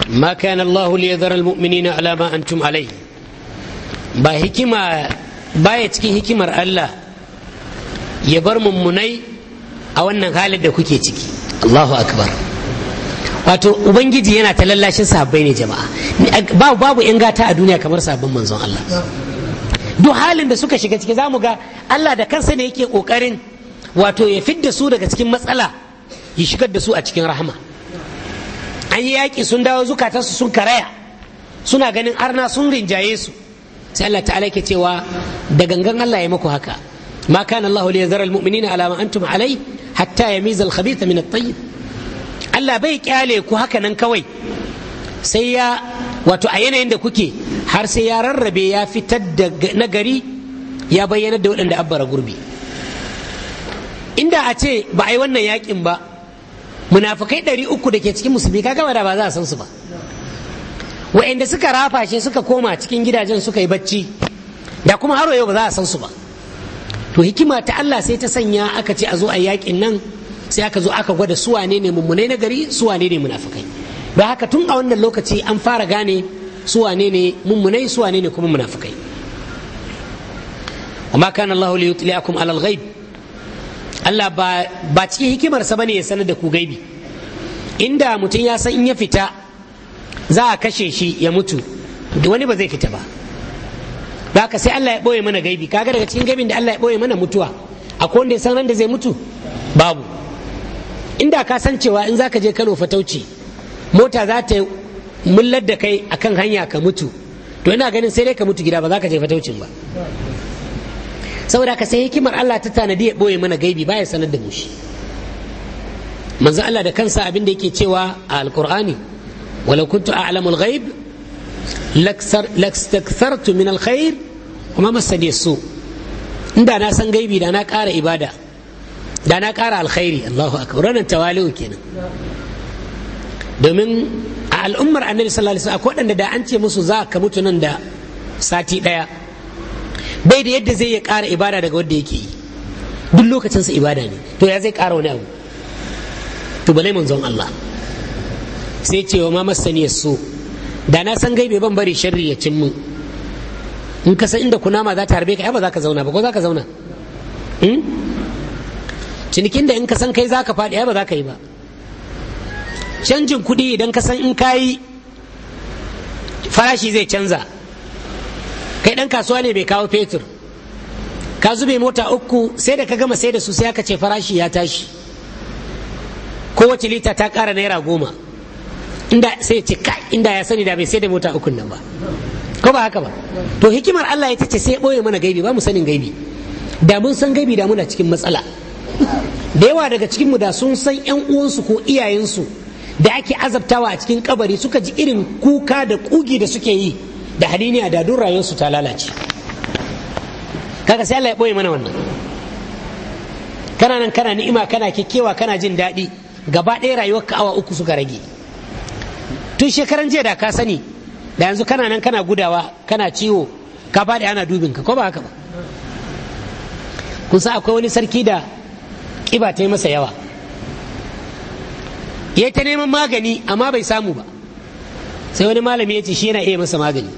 ما كان الله ليذر المؤمنين على ما أنتم عليه ba hikima baya cikin hikimar Allah ya bar mummunai a wannan halin da kuke ciki Allahu akbar wato ubangiji yana ta lallashin sahabbai ne jama'a babu yan gata a duniya kamar sabon manzon Allah duk halin da suka shiga ciki zamu ga Allah da kansa ne yake kokarin wato ya fidda su daga cikin matsala ya shigar da su a cikin rahama an yi yaƙi sun dawo zukatansu sun karaya suna ganin arna sun rinjaye su sai Allah ta'ala ke cewa da gangan Allah ya muku haka ma kana Allah li yazara almu'minina ala ma antum alai hatta yamiza al-khabitha min at-tayyib Allah bai kyale ku haka nan kawai sai ya wato a yanayin da kuke har sai ya rarrabe ya fitar da nagari ya bayyana da waɗanda abbara gurbi inda a ce ba a yi wannan yakin ba munafukai ɗari uku da ke cikin musulmi ka gama da ba za a san su ba wa'anda suka rafashe suka koma cikin gidajen suka yi bacci da kuma haro yau ba za a san su ba to hikima ta Allah sai ta sanya aka ce a zo a yakin nan sai aka zo aka gwada suwane ne mummunai nagari su suwane ne munafukai da haka tun a wannan lokaci an fara gane su wane ne mummunai su wane ne kuma munafukai amma kan Allah li yutli'akum alal ghaib Allah ba ba cikin hikimarsa bane ya sanar da ku gaibi inda mutum ya san in ya fita za a kashe shi ya mutu da wani ba zai fita ba da haka sai Allah ya boye mana gaibi kaga daga cikin gaibin da Allah ya boye mana mutuwa akwai wanda ya san ran da zai mutu babu inda ka san cewa in zaka je Kano fatauci mota za ta mullar da kai akan hanya ka mutu to ina ganin sai dai ka mutu gida ba za ka je fataucin ba saboda ka sai hikimar Allah ta tanadi ya boye mana gaibi baya sanar da mu shi manzo Allah da kansa abin da yake cewa a alqur'ani walau kuntu a'lamu al-ghaib lakstaktartu min al-khair kuma masani su inda na san gaibi da na kara ibada da na ƙara alkhairi Allahu akbar tawali'u kenan domin a al'ummar annabi sallallahu alaihi wasallam akwai da an ce musu za ka mutu nan da sati ɗaya bai da yadda zai ya ƙara ibada daga wanda yake yi duk lokacinsa ibada ne to ya zai ƙara wani abu to balai manzon Allah sai ce wa ma masani so da na san gaibe ban bari sharri ya cin min in ka san inda kunama za ta harbe ka ba za ka zauna ba ko za ka zauna hmm? cinikin da in ka san kai za ka faɗi ba za ka yi ba canjin kuɗi idan ka san in kayi farashi zai canza kai ɗan kasuwa ne bai kawo fetur ka zube mota uku sai da ka gama sai da su sai aka ce farashi ya tashi kowace lita ta kara naira goma inda sai ce ka inda ya sani da bai sai da mota uku nan ba ko ba haka ba to hikimar Allah ya ce sai ɓoye mana gaibi ba mu sanin gaibi da mun san gaibi da muna cikin matsala [laughs] da yawa daga cikinmu da sun san 'yan uwansu ko iyayensu da ake azabtawa a cikin kabari suka ji irin kuka da kugi da suke yi da haliniya da duk rayuwarsu ta lalace kaga sai Allah ya boye mana wannan kana nan kana ni'ima kana kekewa kana jin daɗi gaba ɗaya rayuwarka awa uku suka rage tun shekaran jiya da ka sani da yanzu kana nan kana gudawa kana ciwo ka faɗi ana dubin ka ko ba haka ba kun san akwai wani sarki da kiba ta yi masa yawa ya ta neman magani amma bai samu ba sai wani malami ya ce shi yana iya masa magani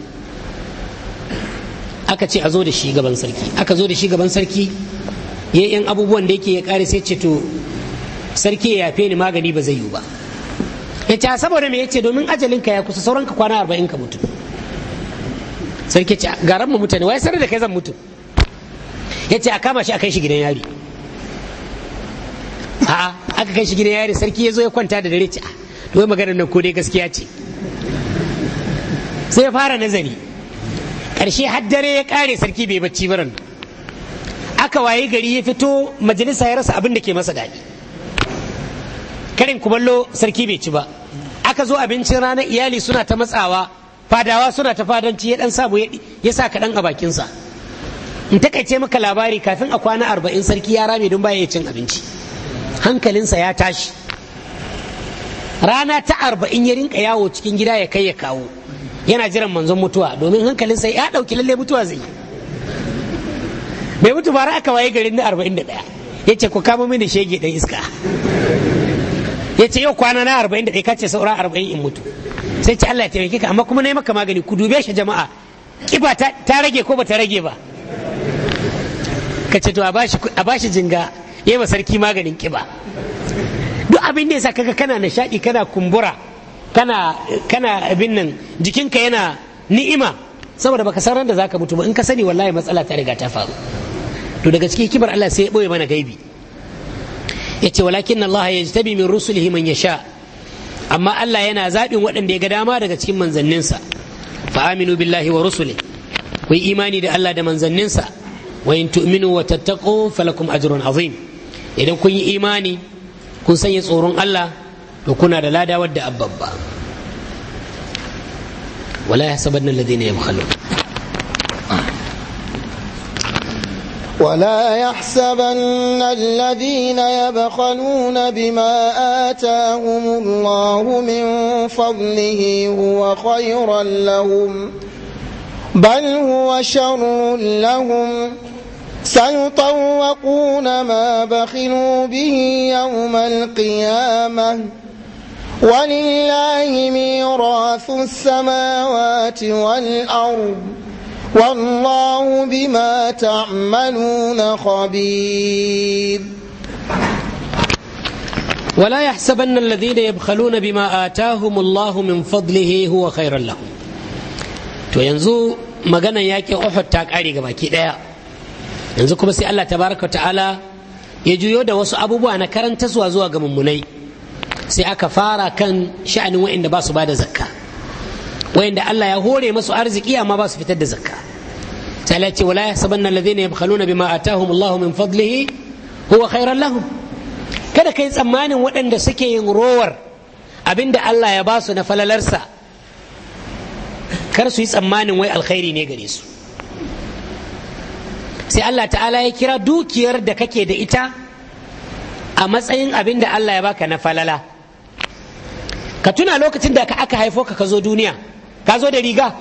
aka ce a zo da shi gaban sarki aka zo da shi gaban sarki ya yan abubuwan da yake ya kare sai ce to sarki ya yafe ni magani ba zai yiwu ba ya ce saboda me ya ce domin ajalinka ya kusa sauran ka kwana arba'in ka mutu sarki ce garan mu mutane wai sanar da kai zan mutu ya ce a kama shi a kai shi gidan yari a'a aka kai shi gidan yari sarki ya zo ya kwanta da dare ci to ah, wai maganar nan ko dai gaskiya ce sai ya fara nazari ƙarshe har dare ya kare sarki bai bacci ba aka waye gari ya fito majalisa ya rasa abin da ke masa daɗi karin kuballo sarki bai ci ba aka zo abincin rana iyali suna ta matsawa fadawa suna ta fadanci ya dan samu ya sa kaɗan a bakinsa in takaice maka labari kafin a kwana arba'in sarki ya rame don baya ya cin abinci hankalinsa ya tashi rana ta arba'in ya rinka yawo cikin gida ya kai ya kawo yana jiran manzon mutuwa domin hankalinsa ya ɗauki lalle mutuwa zai yi. bai mutu fara aka waye garin na arba'in da ɗaya ya ce ku kama mini shege ɗan iska ya ce yau kwana na arba'in da ɗaya kace saura arba'in in mutu sai ce Allah ya taimake ka amma kuma na yi maka magani ku dube shi jama'a kiba ta rage ko ba ta rage ba ka ce to a bashi jinga yi ma sarki maganin kiba duk abin da ya sa kaga kana nishaɗi kana kumbura kana kana abin nan jikinka yana ni'ima saboda baka san da zaka mutu ba in ka sani wallahi matsala ta riga ta faru to daga cikin kibar Allah sai ya boye mana gaibi yace walakin Allah yajtabi min rusulihi man yasha amma Allah yana zaɓin waɗanda ya ga dama daga cikin manzanninsa fa aminu billahi wa rusuli ku imani da Allah da manzanninsa wa in tu'minu wa tattaqu falakum ajrun azim idan kun yi imani kun sanya tsoron Allah to kuna da ladawar da abbabba wala ya yahsabanna alladhina yabkhalun ولا يحسبن الذين يبخلون بما آتاهم الله من فضله هو خيرا لهم بل هو شر لهم سيطوقون ما بخلوا به يوم القيامة ولله ميراث السماوات والأرض والله بما تعملون خبير ولا يحسبن الذين يبخلون بما آتاهم الله من فضله هو خير لهم تو ينزو maganan ياكي أحد تاك kare باكي yanzu kuma sai Allah tabaraka ta'ala ya juyo da wasu abubuwa na karanta zuwa zuwa ga mummunai sai aka fara kan sha'anin wa'inda ba su ba da zakka wa'inda Allah ya hore masu arziki amma ba su fitar da zakka sai Allah ce wala yahsabanna alladhina yabkhaluna bima atahum allahu min fadlihi huwa khairan lahum kada kai tsammanin waɗanda suke yin rowar abinda Allah ya ba su na falalarsa kar su yi tsammanin wai alkhairi ne gare su sai Allah ta'ala ya kira dukiyar da kake da ita a matsayin abin da Allah ya baka na falala ka tuna lokacin da ka aka haifo ka ka zo duniya ka zo da riga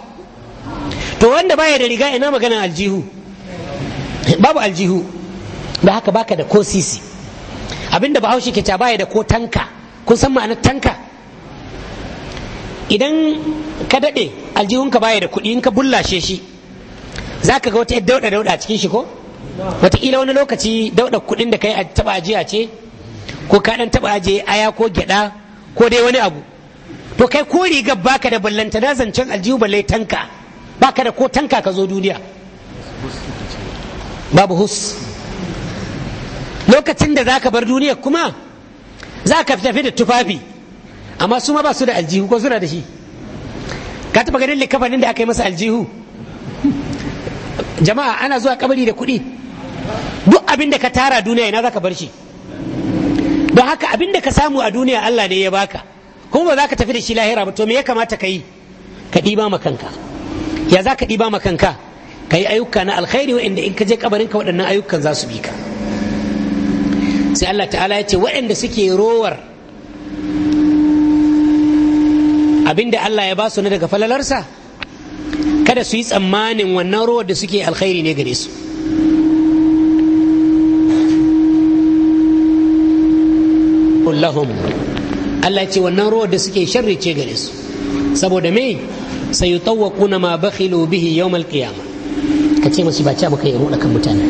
to wanda baya da riga ina maganar aljihu babu aljihu da haka baka da ko sisi da bahaushe ke ta baya da ko tanka kun san ma'anar tanka idan ka daɗe aljihunka baya da kuɗi in ka bullashe shi za ka ga wata yadda dauda dauda cikin shi ko wataƙila wani lokaci dauɗa kuɗin da kai taba ajiya ce ko ka ɗan taba ajiye aya ko gyaɗa ko dai wani abu to kai ko rigar baka da ballanta na zancen aljihu balle tanka baka da ko tanka ka zo duniya babu hus lokacin da za ka bar duniya kuma za ka tafi da tufafi amma su ma ba su da aljihu ko suna da shi ka taɓa ganin likafanin da aka yi masa aljihu jama'a ana zuwa kabari da kuɗi duk abin da ka tara duniya ina zaka bar shi don haka abin da ka samu a duniya Allah ne ya baka kuma ba za ka tafi da shi lahira ba to me ya kamata ka yi ka ɗiba ma kanka ya za ka ɗiba ma kanka ka yi ayyuka na alkhairi waɗanda in ka je kabarin ka waɗannan ayyukan za su bi ka sai Allah ta'ala ya ce waɗanda suke rowar abin da Allah ya ba su na daga falalarsa kada su yi tsammanin wannan ruwa da suke alkhairi ne gare su Allah ce wannan ruwa da suke sharri ce gare su saboda me sai ma bakhilu bihi ba ca baka yi ruɗa kan mutane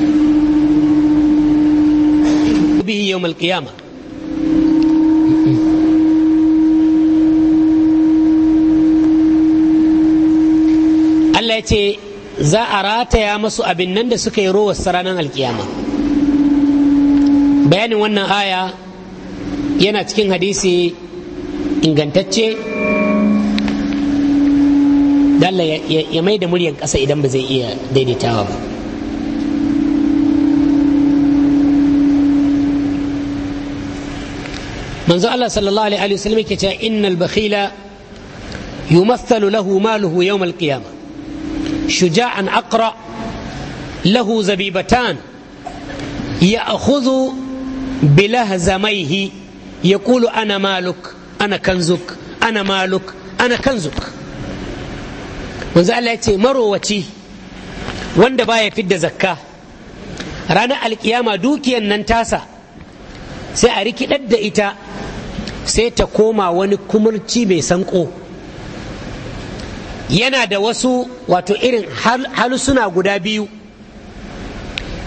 bihi ce za a rataya masu abin nan da suka yi rowar ranar alkiyama bayanin wannan aya yana cikin hadisi ingantacce dalla ya mai da muryan ƙasa idan ba zai iya daidaitawa ba manzo Allah sallallahu alaihi wasallam ke cewa innal bakhila yumathalu lahu maluhu yawm al شجاعا akra له زبيبتان يأخذ بلهزميه يقول أنا مالك أنا كنزك أنا مالك أنا كنزك manzo Allah ya ce marowaci wanda baya fidda zakka ranar alƙiyama dukiyan nan tasa sai a rikidar da ita sai ta koma wani kumurci mai sanko yana da wasu wato irin halusuna guda biyu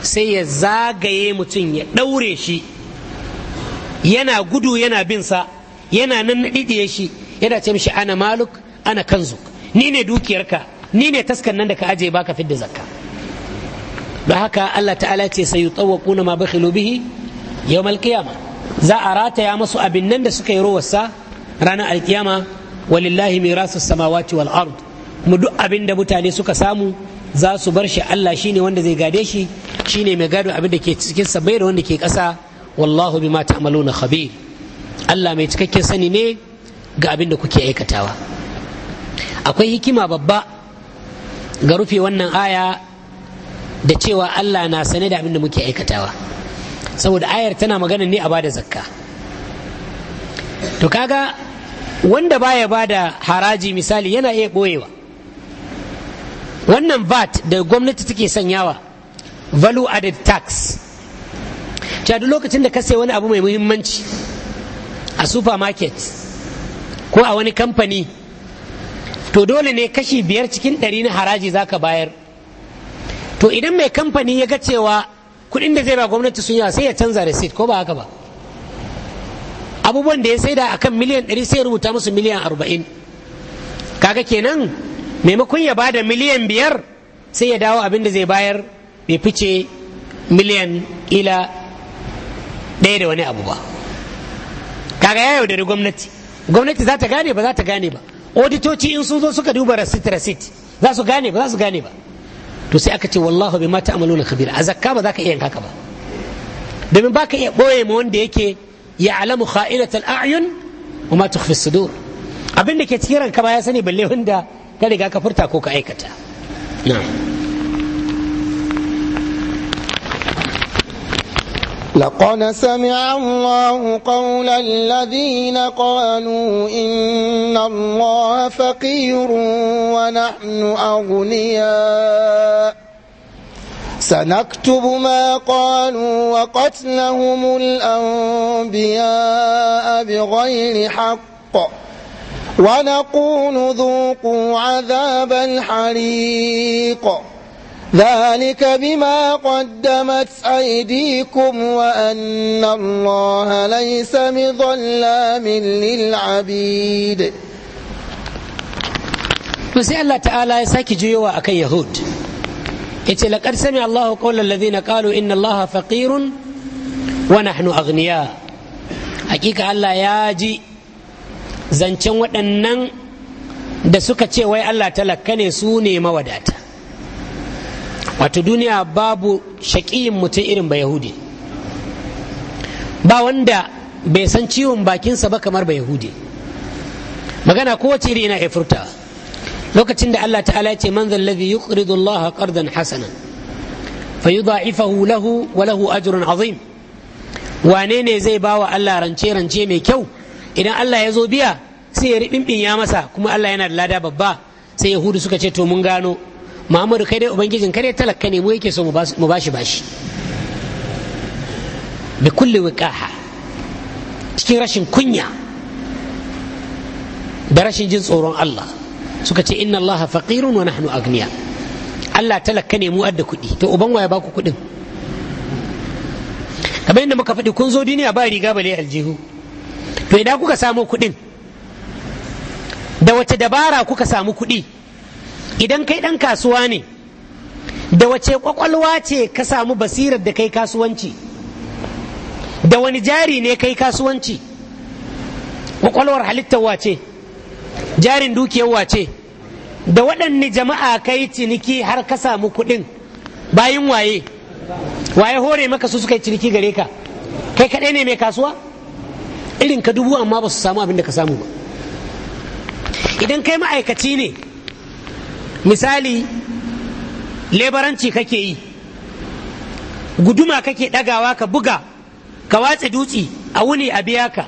sai ya zagaye mutum ya ɗaure shi yana gudu yana binsa yana nan naɗiɗiye shi yana ce mishi ana maluk ana kanzuk ni ne dukiyarka ni ne taskan nan da ka ajiye baka fidda zakka don haka Allah ta'ala ce sai yi tsawakuna ma bakhilu bihi yawm alqiyama za a rataya masu abin nan da suka yi rowarsa ranar alkiyama walillahi rasu samawati wal ard mu duk abin da mutane suka samu za su bar shi Allah shine wanda zai gade shi Shi ne mai gado abin da ke cikin sabai da wanda ke ƙasa wallahu bi bima na khabir Allah mai cikakken sani ne ga abin da kuke aikatawa akwai hikima babba ga rufe wannan aya da cewa Allah na sane da abin da muke aikatawa saboda ayar tana magana ne a bada zakka to kaga wanda baya bada haraji misali yana iya boyewa. wannan vat da gwamnati take sanyawa value added tax duk lokacin da ka sai wani abu mai muhimmanci a supermarket ko a wani kamfani to dole ne kashi biyar cikin ɗari na haraji za ka bayar to idan mai kamfani ya ga cewa kuɗin da zai ba gwamnati sun yawa sai ya canza receipt ko ba haka ba abubuwan da ya saida kan miliyan ɗari sai rubuta musu miliyan arba'in kaga kenan maimakon ya bada miliyan biyar sai ya dawo abin da zai bayar bai fice miliyan ila ɗaya da wani abu ba kaga ya yaudari gwamnati gwamnati za ta gane ba za ta gane ba auditoci in sun zo suka duba rasit rasit za su gane ba za su gane ba to sai aka ce wallahu bima ta'maluna khabir a zakka ba za ka iya yin haka ba domin ba ka iya ɓoye ma wanda yake ya alamu kha'inatul a'yun wa ma tukhfi sudur abin da ke cikin ranka ba ya sani balle wanda ka ga ka ko ka aikata na'am لقد سمع الله قول الذين قالوا إن الله فقير ونحن أغنياء سنكتب ما قالوا وقتلهم الأنبياء بغير حق ونقول ذوقوا عذاب الحريق ذلك بما قدمت أيديكم وأن الله ليس بظلام للعبيد sai Allah ta'ala ya sake juyowa a kan Yahud ya ce laƙar sami Allah ƙaunar lazi na ƙalu Allah faƙirun wa nahnu aghniya Allah ya ji zancen waɗannan da suka ce wai Allah talaka ne su ne mawadata wato duniya babu shaƙiyin mutum irin ba yahudi ba wanda bai san ciwon bakinsa ba kamar ba yahudi magana kowace iri ina furta lokacin da Allah ta'ala ce manzan zallazi yuqridu Allah qardan hasanan fayudha'ifahu lahu wa lahu ajrun azim wane ne zai bawa Allah rance rance mai kyau idan Allah ya zo biya sai ya riɓin ya masa kuma Allah yana da lada babba sai yahudu suka ce to mun gano muhammadu kai dai ubangijin kare dai talaka ne mu yake so mu bashi bashi bi kulli wiqaha cikin rashin kunya da rashin jin tsoron Allah suka ce inna Allah faqirun wa nahnu agniya Allah talaka ne mu adda kuɗi to uban waya baku kuɗin kamar yadda muka faɗi kun zo duniya ba riga bale aljihu to idan kuka samu kuɗin da wace dabara kuka samu kuɗi idan kai ɗan kasuwa ne da wace ƙwaƙwalwa ce ka samu basirar da kai kasuwanci da wani jari ne kai kasuwanci ƙwaƙwalwar halittar wace jarin dukiyar wace da waɗanne jama'a kai ciniki har ka samu kuɗin bayan waye waye hore maka su suka yi ciniki gare ka kai kaɗai ne mai kasuwa irin ka dubu amma ba su samu abin da ka samu ba idan kai ma'aikaci ne misali lebaranci kake yi guduma kake ɗagawa ka buga ka watse dutse a wuni a biya ka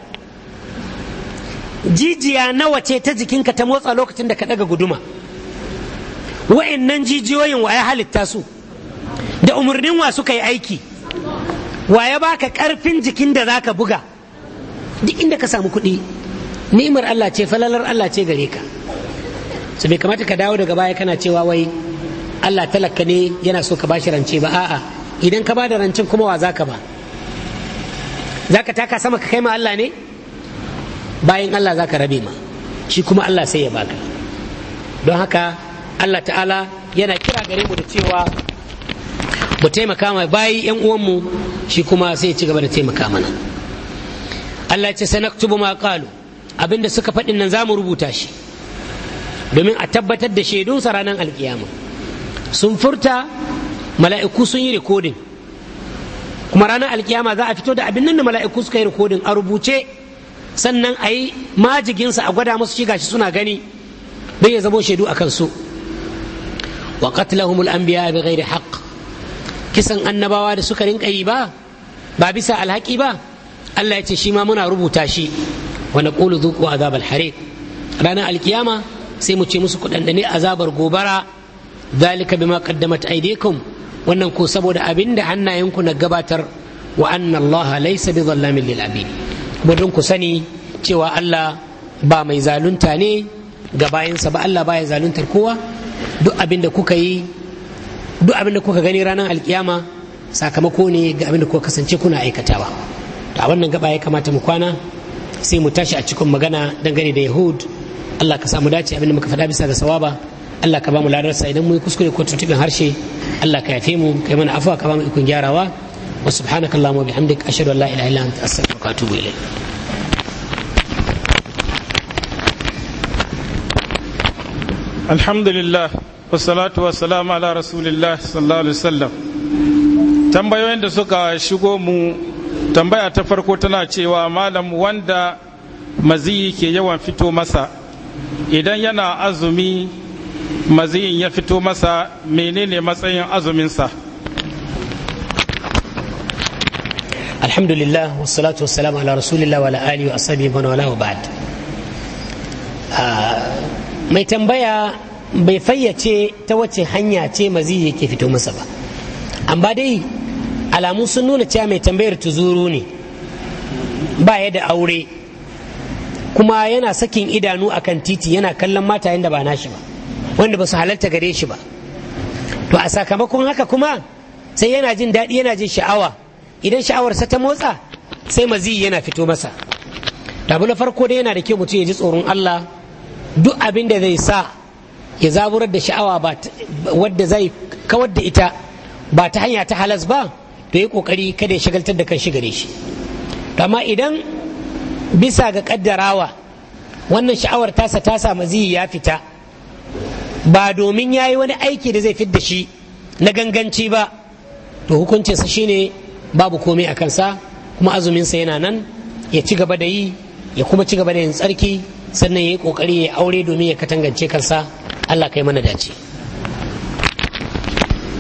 jijiya nawa ce ta jikinka ta motsa lokacin da ka ɗaga guduma wa'annan jijiyoyin wa halitta su da umarnin wa suka yi aiki wa ya baka ƙarfin jikin da za ka buga duk inda ka samu kuɗi ni'imar Allah ce falalar Allah ce gare ka su bai kamata ka dawo daga baya kana cewa wai Allah talaka ne yana so ka ba shi rance ba a'a idan ka ba da rancen kuma wa za ka ba Za ka taka sama ka kai ma Allah ne bayan Allah za ka rabe ma shi kuma Allah sai ya baka don haka Allah ta'ala yana kira gare mu da cewa mu taimaka ma bayi yan mu, shi kuma sai ya ci gaba da taimaka mana Allah ce sanaktubu ma qalu abinda suka faɗin nan zamu rubuta shi domin a tabbatar da shaidun sa ranar alkiyama sun furta mala'iku sun yi rikodin kuma ranar alkiyama za a fito da abin nan da mala'iku suka yi rikodin a rubuce sannan a yi majiginsa a gwada musu shi shi suna gani don ya zamo shaidu a kansu wa qatlahumul anbiya bi ghairi haqq kisan annabawa da suka rinka yi ba ba bisa alhaki ba Allah ya ce shi ma muna rubuta shi wa naqulu dhuqu azabal hariq ranar alkiyama sai mu ce musu kudandane azabar gobara zalika bima qaddamat aydikum wannan ko saboda abinda hannayenku na gabatar wa anna Allah laysa bi dhallamin lil abid don ku sani cewa Allah ba mai zalunta ne ga bayansa ba Allah baya zaluntar kowa duk abinda kuka yi duk abinda kuka gani ranar alkiyama sakamako ne ga abinda kuka kasance kuna aikatawa to a wannan gaba ya kamata mu kwana sai mu tashi a cikin magana dangane da yahud allah ka samu dace abin da muka faɗa bisa ga sawaba allah ka ba mu ladarsa idan mu yi kuskure ko tuntuɓin harshe allah ka yafe mu kai mana afuwa ka ba mu ikon gyarawa wa subhanaka wa bihamdik ashhadu an la ilaha illa anta astaghfiruka wa atubu ilayk alhamdulillah wasalatu wasalamu ala rasulillah sallallahu alaihi wasallam tambayoyin da suka shigo mu tambaya ta farko tana cewa malam wanda maziyi ke yawan fito masa idan yana azumi maziyin ya fito masa menene matsayin azuminsa alhamdulillah wasalatu wasalamu ala rasulillah wa ala wa ashabihi wa wala ba'd ah, mai tambaya bai fayyace ta wace hanya ce maziyi yake fito masa ba amma dai alamu sun nuna cewa mai tambayar tuzuru ne ba ya da aure kuma yana sakin idanu a kan titi yana kallon mata yadda ba nashi ba wanda ba su halarta gare shi ba to a sakamakon haka kuma sai yana jin daɗi yana jin sha'awa idan sha'awar sa ta motsa sai mazi yana fito masa abu na farko dai yana da kyau mutum ya ji tsoron Allah duk abin da zai sa ya zaburar da sha'awa wadda zai kawar da ita ba ta hanya ta halas ba to yi kokari kada ya shagaltar da kan shi gare shi amma idan bisa ga kaddarawa wannan sha'awar tasa ta samu ziyi ya fita ba domin ya yi wani aiki da zai da shi na ganganci ba to hukuncinsa shine babu komai a kansa kuma azuminsa yana nan ya ci gaba da yi ya kuma ci gaba da yin tsarki sannan ya yi kokari ya aure domin ya katangance kansa allah kai mana dace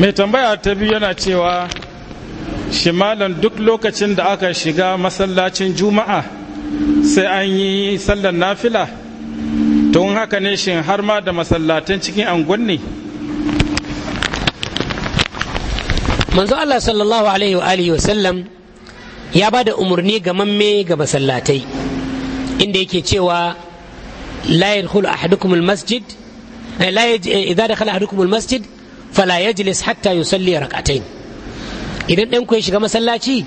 mai tambaya ta biyu yana cewa shimalan duk lokacin da aka shiga masallacin juma'a sai an yi sallar nafila tun haka ne shin har ma da masallatan cikin angon ne manzo Allah sallallahu alaihi wa alihi wa sallam ya ba da umarni ga mamme ga masallatai inda yake cewa la yadkhulu ahadukum almasjid eh, la eh, idza dakhala ahadukum almasjid fala yajlis hatta yusalli rak'atayn idan ɗanku ya shiga masallaci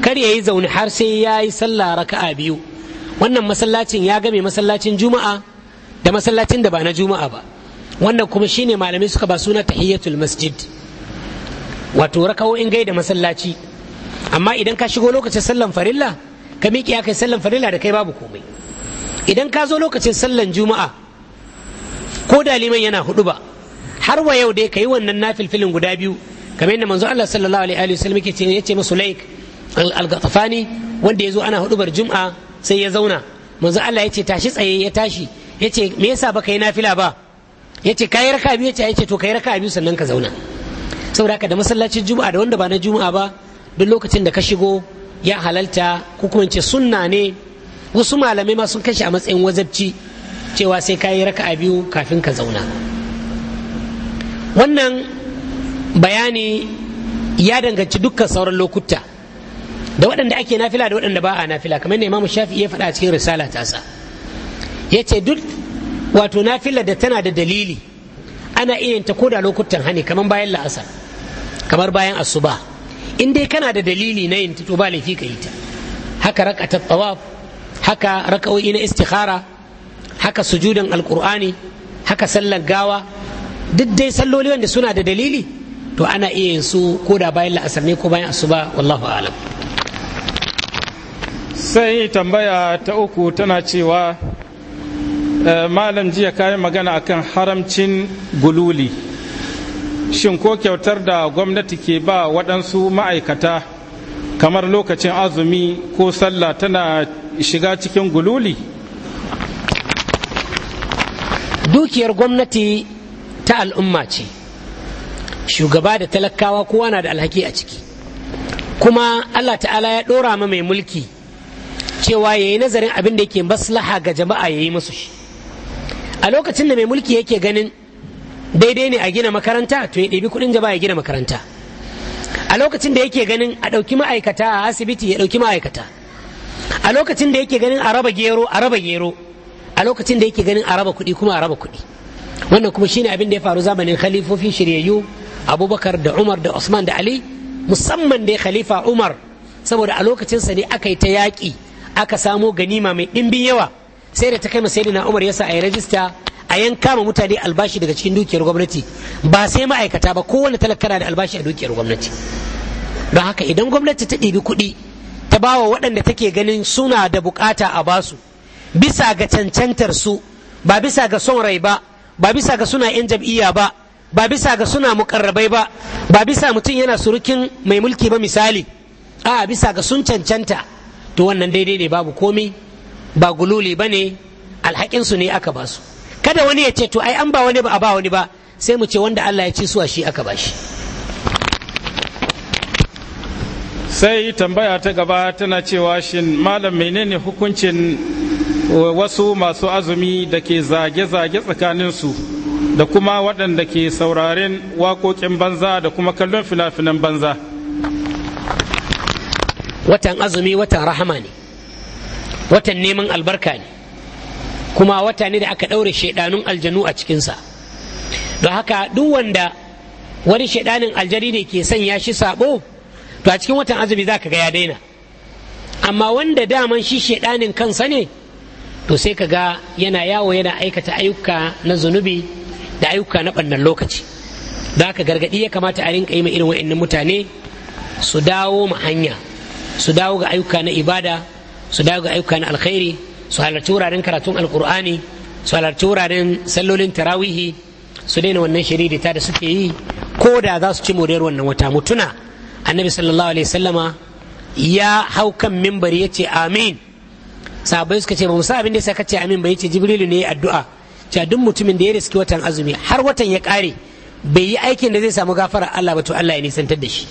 kar ya yi zaune har sai ya yi sallah raka'a biyu wannan masallacin ya game masallacin juma'a da masallacin da ba na juma'a ba wannan kuma shine malamai suka ba suna tahiyatul masjid wato in gaida masallaci amma idan ka shigo lokacin sallan farilla ka miƙe kai sallan farilla da kai babu komai idan ka zo lokacin sallan juma'a ko da yana hudu ba har wa yau dai ka yi wannan nafilfilin guda biyu kamar yadda manzo Allah sallallahu alaihi wa sallam yake yace musu laik al-ghatafani wanda yazo ana hudubar jum'a sai ya zauna manzo Allah yace tashi tsaye ya tashi yace me yasa baka yi nafila ba yace kai raka biyu yace yace to kai raka biyu sannan ka zauna saboda haka da masallacin juma'a da wanda ba na juma'a ba duk lokacin da ka shigo ya halalta ko kuma ce sunna ne wasu malamai ma sun kashe a matsayin wazabci cewa sai ka yi raka'a biyu kafin ka zauna wannan bayani ya danganci dukkan sauran lokuta da waɗanda ake nafila da waɗanda ba a nafila kamar ne imam shafi ya faɗa a cikin risala tasa ya ce duk wato nafila da tana da dalili ana iya ta koda lokutan hani kamar bayan la'asa kamar bayan asuba in dai kana da dalili na yin to ba laifi ka yi ta haka ta tsawaf haka wa'i na istikhara haka sujudan alkur'ani haka sallar gawa duk dai salloli wanda suna da dalili to ana iya yin su ko da bayan la'asar ne ko bayan asuba wallahu alam sai tambaya ta uku tana cewa eh, malam jiya kayan magana akan haramcin gululi shin ko kyautar da gwamnati ke ba waɗansu ma'aikata kamar lokacin azumi ko sallah tana shiga cikin gululi dukiyar gwamnati ta al'umma ce shugaba da talakawa kowa na da alhaki a ciki kuma allah ta'ala ya dora ma mai mulki cewa ya yi nazarin abin da yake maslaha ga jama'a ya yi musu shi a lokacin da mai mulki yake ganin daidai ne a gina makaranta to ya ɗebi kuɗin jama'a ya gina makaranta a lokacin da yake ganin a ɗauki ma'aikata a asibiti ya ɗauki ma'aikata a lokacin da yake ganin a raba gero a raba gero a lokacin da yake ganin a raba kuɗi kuma a raba kuɗi wannan kuma shine abin da ya faru zamanin khalifofi shiryayyu abubakar da umar da usman da ali musamman dai khalifa umar saboda a lokacinsa ne aka yi ta yaki aka samo ganima mai ɗimbin yawa sai da ta kai na umar yasa a yi rajista a yanka ma mutane albashi daga cikin dukiyar gwamnati ba sai ma'aikata ba kowane talakana da albashi a dukiyar gwamnati don haka idan gwamnati ta ɗibi kuɗi ta bawa waɗanda take ganin suna da bukata a basu bisa ga cancantar su ba bisa ga son rai ba ba bisa ga suna 'yan jam'iyya ba ba bisa ga suna mukarrabai ba ba bisa mutum yana surukin mai mulki ba misali a bisa ga sun cancanta to wannan daidai ne babu komi ba gululi ba ne alhakinsu ne aka ba su kada wani ya ce to ai an ba wani ba a ba wani ba sai mu ce wanda Allah ya ci suwa shi aka ba shi sai tambaya ta gaba tana cewa shin malam menene hukuncin wasu masu azumi da ke zage-zage tsakaninsu da kuma waɗanda ke sauraren waƙoƙin banza da kuma kallon fina-finan banza watan azumi watan rahama ne watan neman albarka ne kuma wata ne da aka ɗaure shaidanun aljanu a cikinsa don haka duk wanda wani shaidanin aljari ne ke sanya shi sabo to a cikin watan azumi za ka ga ya daina amma wanda daman shi shaidanin kansa ne to sai ka ga yana yawo yana aikata ayyuka na zunubi da ayyuka na ɓannan lokaci za ka gargaɗi ya kamata a rinka yi ma irin wa'annan mutane su dawo ma hanya su dawo ga ayyuka na ibada su dawo ga ayyuka na alkhairi su halarci wuraren karatun alkur'ani su halarci wuraren sallolin tarawihi su daina wannan shiririta da suke yi ko da za su ci moriyar wannan wata mutuna annabi sallallahu alaihi sallama ya hau kan mimbari ya ce amin sahabbai suka ce ba musa abin da ya ce amin ba ya ce jibrilu ne addu'a cewa duk mutumin da ya riski watan azumi har watan ya kare bai yi aikin da zai samu gafara Allah ba to Allah ya nisantar da shi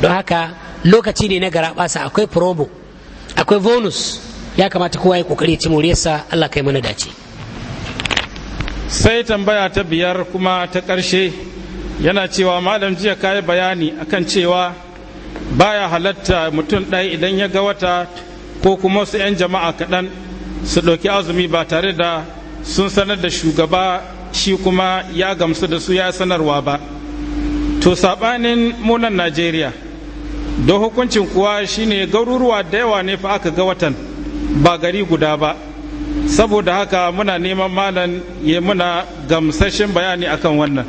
don haka lokaci ne na garaɓasa akwai probo akwai bonus ya kamata kowa ya kokari ci moriyarsa Allah kai mana dace sai tambaya ta biyar kuma ta ƙarshe yana cewa malam jiya kayi bayani akan cewa baya halatta mutum ɗaya idan ya ga wata ko kuma su 'yan jama'a kaɗan su ɗauki azumi ba tare da sun sanar da shugaba shi kuma ya gamsu da su ya sanarwa ba to saɓanin munan najeriya don hukuncin kuwa shine garuruwa da yawa ne fa aka ga watan ba gari guda ba saboda haka muna neman malam ya muna gamsashen bayani akan wannan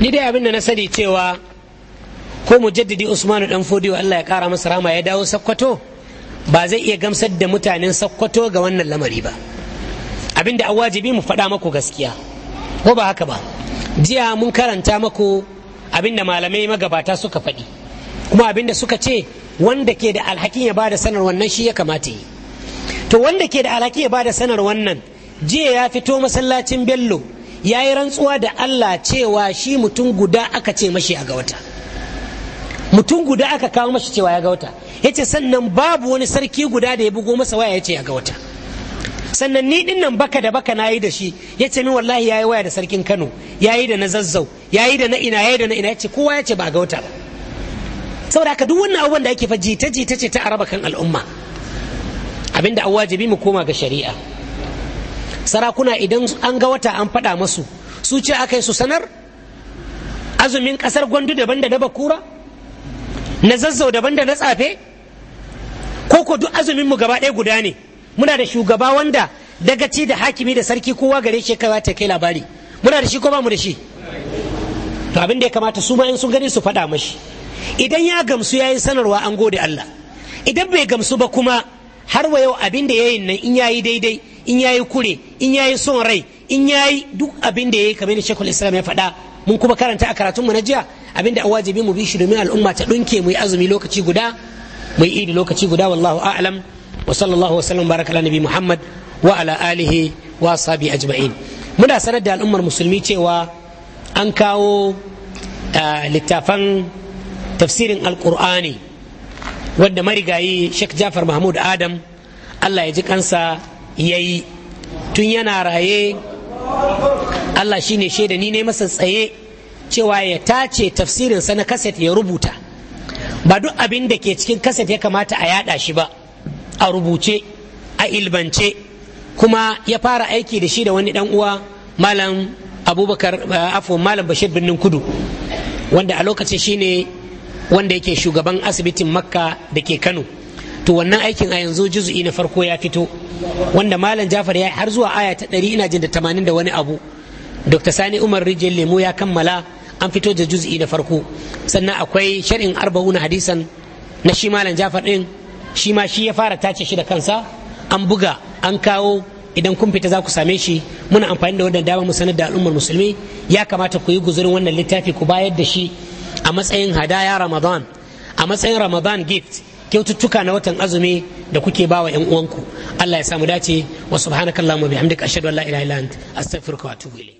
ni dai abin da na sani cewa ko mu jaddadi usmanu dan fodiyo Allah ya kara masa rama ya dawo sakkwato ba zai iya gamsar da mutanen sakkwato ga wannan lamari ba abinda an wajibi mu faɗa maku gaskiya ko ba haka ba jiya mun karanta maku abinda malamai magabata suka faɗi kuma abinda suka ce wanda ke da alhakin ya bada sanar wannan shi ya kamata yi to wanda ke da alhakin ya bada sanar wannan jiya ya fito masallacin bello ya yi rantsuwa da allah cewa shi mutum guda aka ce mashi a ga wata mutum guda aka kawo mashi cewa ya ga wata ya ce sannan babu wani sarki guda da ya bugo masa waya ya ce ya ga wata sannan ni din baka da baka nayi da shi ya ce min wallahi yayi waya da sarkin Kano yayi da na Zazzau yayi da na ina yayi da na ina ya ce kowa ya ce ba ga wata ba saboda haka duk wannan abubuwan da ake fa jita jita ce ta araba kan al'umma abinda an wajibi mu koma ga shari'a sarakuna idan an ga wata an faɗa masu su ce aka su sanar azumin ƙasar gwandu daban da daba kura. na zazzau daban da na tsafe ko ko duk azumin mu gaba ɗaya guda ne muna da shugaba wanda dagaci da hakimi da sarki kowa gare shi kai ta kai labari muna da shi ko ba mu da shi to abin da ya kamata su ma in sun gani su faɗa mashi idan ya gamsu yayi sanarwa an gode Allah idan bai gamsu ba kuma har wa yau abin da yayin nan in yayi daidai in yayi kure in yayi son rai in yayi duk abin da yi kamar da shekul Islam ya faɗa mun kuma karanta a karatun mu na jiya abinda a wajibi mu bi shi domin al'umma ta dunke mu yi azumi lokaci guda mu yi idi lokaci guda wallahu a'lam wa sallallahu wasallam baraka ala nabi muhammad wa ala alihi wa ajma'in muna sanar da al'ummar musulmi cewa an kawo littafan tafsirin alqur'ani wadda marigayi Sheikh Jafar Mahmud Adam Allah ya ji kansa ya yi tun yana raye Allah shi ne shaida ni ne masa tsaye cewa ya tace tafsirinsa na kaset ya rubuta ba duk abin da ke cikin kaset ya kamata a yada shi ba a rubuce a ilbance kuma ya fara aiki da shi da wani dan uwa malam abubakar eh, afu malam bashir birnin kudu wanda a lokacin shine wanda yake shugaban asibitin makka da ke kano to wannan aikin a yanzu juzu'i na farko ya fito wanda malam jafar ya har zuwa aya ta ɗari ina jin da tamanin da wani abu dr sani umar rijiyar lemo ya kammala an fito da juz'i na farko sannan akwai shar'in arba'una hadisan na shi malam jafar din shi ma shi ya fara tace shi da kansa an buga an kawo idan kun fita za ku same shi muna amfani da wannan dama mu sanar da al'ummar musulmi ya kamata ku yi guzurin wannan littafi ku bayar da shi a matsayin hadaya ramadan a matsayin ramadan gift kyaututtuka na watan azumi da kuke ba wa 'yan uwanku Allah ya samu dace wa subhanakallahumma bihamdika ashhadu an la ilaha illa anta astaghfiruka wa atubu ilayk